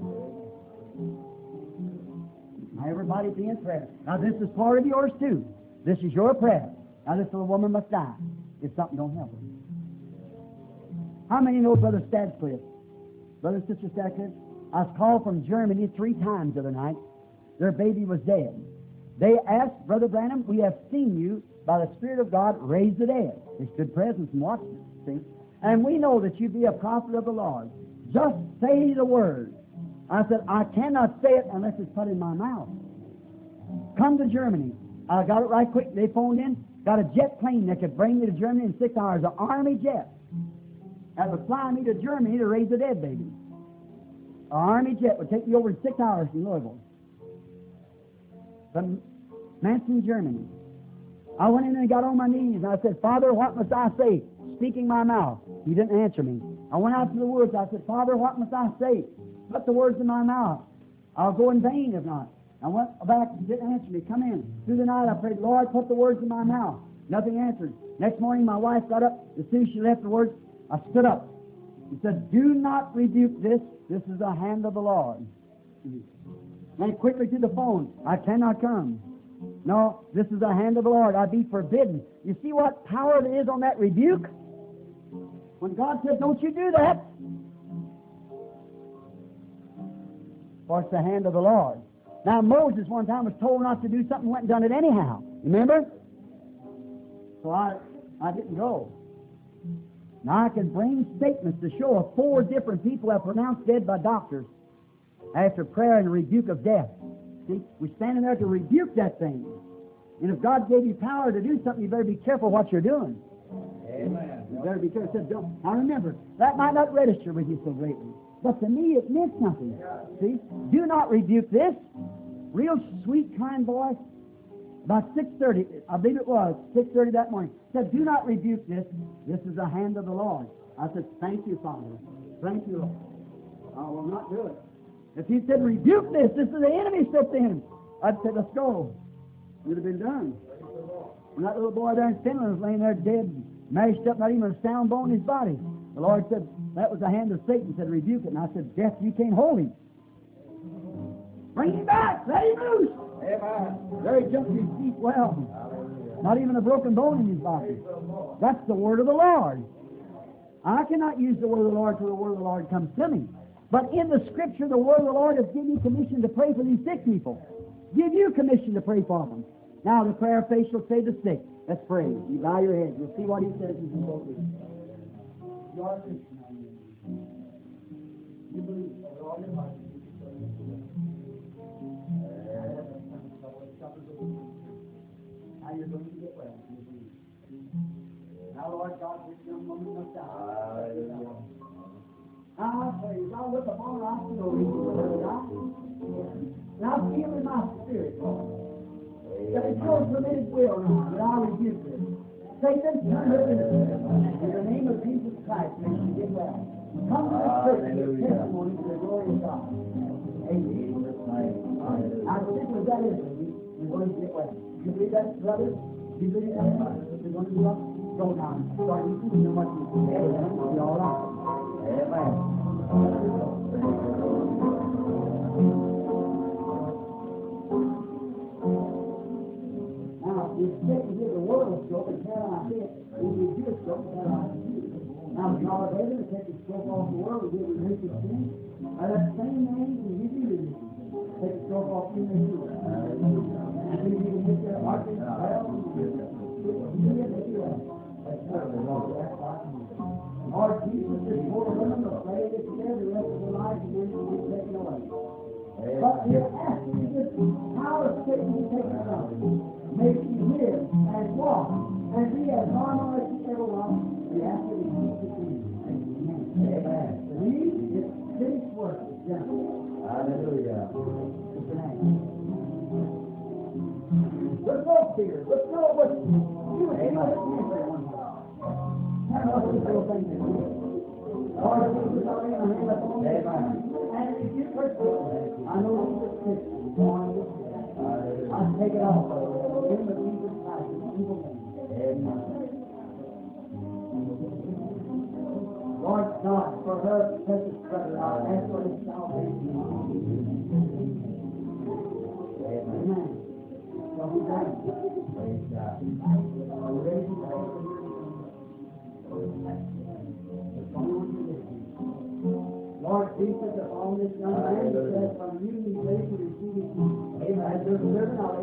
Now, everybody be in prayer. Now, this is part of yours, too. This is your prayer. Now, this little woman must die if something don't help her. How many know Brother Stadcliffe? Brother and Sister Stadcliffe, I was called from Germany three times the other night. Their baby was dead. They asked, Brother Branham, we have seen you by the Spirit of God raise the dead. They stood presence and watched it, see? and we know that you be a prophet of the Lord. Just say the word. I said, I cannot say it unless it's put in my mouth. Come to Germany. I got it right quick. They phoned in, got a jet plane that could bring me to Germany in six hours, an army jet that would fly me to Germany to raise a dead baby. An army jet would take me over in six hours from Louisville. From Manson, Germany. I went in and got on my knees and I said, Father, what must I say? Speaking my mouth. He didn't answer me. I went out to the woods. I said, Father, what must I say? Put the words in my mouth. I'll go in vain if not. I went back. He didn't answer me. Come in. Through the night, I prayed, Lord, put the words in my mouth. Nothing answered. Next morning, my wife got up. As soon as she left the words, I stood up. He said, Do not rebuke this. This is the hand of the Lord. Went quickly to the phone. I cannot come. No, this is the hand of the Lord. I be forbidden. You see what power there is on that rebuke? When God said, Don't you do that, for it's the hand of the Lord. Now, Moses one time was told not to do something, went and done it anyhow. Remember? So I, I didn't go. Now, I can bring statements to show of four different people have pronounced dead by doctors after prayer and rebuke of death. See, we're standing there to rebuke that thing. And if God gave you power to do something, you better be careful what you're doing. Amen there because careful. said, Don't. Now remember, that might not register with you so greatly, but to me it meant something. See, do not rebuke this. Real sweet, kind voice. About 6.30, I believe it was, 6.30 that morning, said, do not rebuke this. This is the hand of the Lord. I said, thank you, Father. Thank you, Lord. I will not do it. If he said, rebuke this, this is the enemy stepped in, I'd said, let's go. It would have been done. And that little boy there in Finland was laying there dead mashed up, not even a sound bone in his body. The Lord said, That was the hand of Satan, said, Rebuke it. And I said, Death, you can't hold him. Bring him back, let him loose. Amen. There he jumped his feet well. Not even a broken bone in his body. That's the word of the Lord. I cannot use the word of the Lord till the word of the Lord comes to me. But in the scripture, the word of the Lord has given me commission to pray for these sick people. Give you commission to pray for them. Now the prayer of faith shall save the sick. Let's pray. You bow your head. You'll see what he says as you You are You believe with all your heart. Now you're going to get well. Now, Lord God, this young woman must die. I ah, praise. God with the her, I feel Now, I feel in my spirit, Lord. That the Lord within his will now, then I rebuke it. Satan, you listen to In the name of Jesus Christ, may you get well. Come to this church with testimony to the glory of God. Amen. I think with that is, we're going to get well. You believe that, brother? You believe that, brothers? We're going to do up. Go now. So you see, you know you do. Amen. You're all right. Amen. yoke head on it, and on you. Now, John David, to take off the world, we get religious sin. By that same name, you religion. Take his yoke off you and And we to that you the Jesus is more the rest of life and then take it away. But he asked Jesus, how is Satan taken you? make you live and walk and be as normal as you ever was. You have to repeat the creed. Amen. Read is finished work. It's done. Hallelujah. It's done. There's no fear. There's no what you ain't no if you put in I know you're going to take it off. Lord God, for her precious brother, our answer salvation. Amen. So we thank you. Praise God. Lord Jesus, upon this young man, from you, we pray to receive his Amen. Your servant, I'll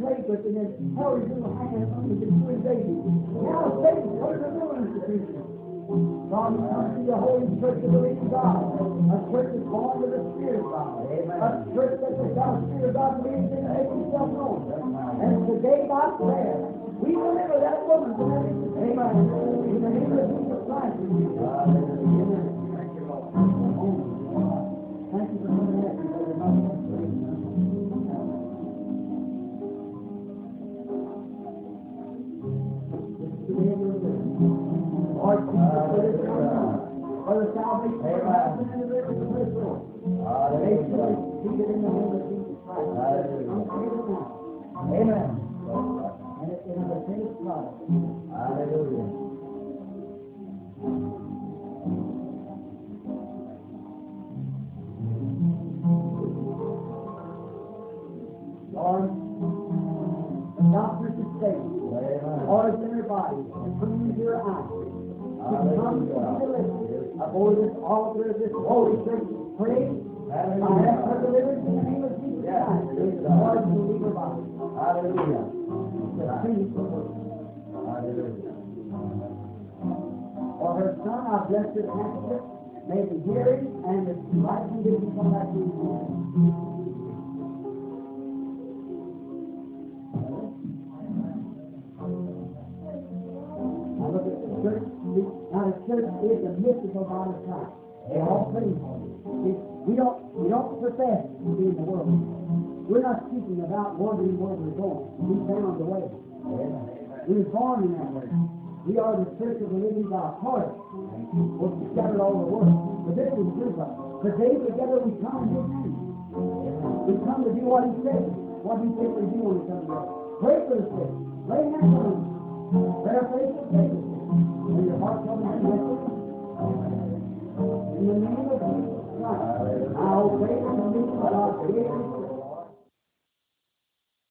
great, but then there's hell you will under the tree baby. Now faith what is a new institution. God has come to the holy church of believing God, a church that's born with the Spirit of God, a church that without the Spirit of God believes in and makes himself known. And today by prayer, we deliver that woman to that Amen. In the name of Jesus Christ. Amen. Thank you, Lord. Lord Jesus, for this country, for the salvation of the individual Israel. They shall be seated in the name of Jesus Christ. Amen. And it's in the same blood. Hallelujah. Lord, the doctors are safe. Orders in their bodies. And put your eyes to come to I bore this altar of this holy church Pray, I ask for deliverance in the name of Jesus Christ. The Lord will be provided. Hallelujah. The priest of worship. Hallelujah. For her son, our blessed pastor, may the hearing and the right come back to you. see, now the church is a mystical body of Christ. They're all pretty holy. We don't, we don't profess to be in the world. We're not speaking about wondering where we're going. We found the way. We were born in that way. We are the church of the living God, part We're scattered all the world. But this is true of us. Today together we come to him. We come to do what he says. What He said think we do when we come together? Pray for the sick. Lay hands on them. Let our faith be May your heart come to In the name of Jesus Christ, I'll pray for but I'll pray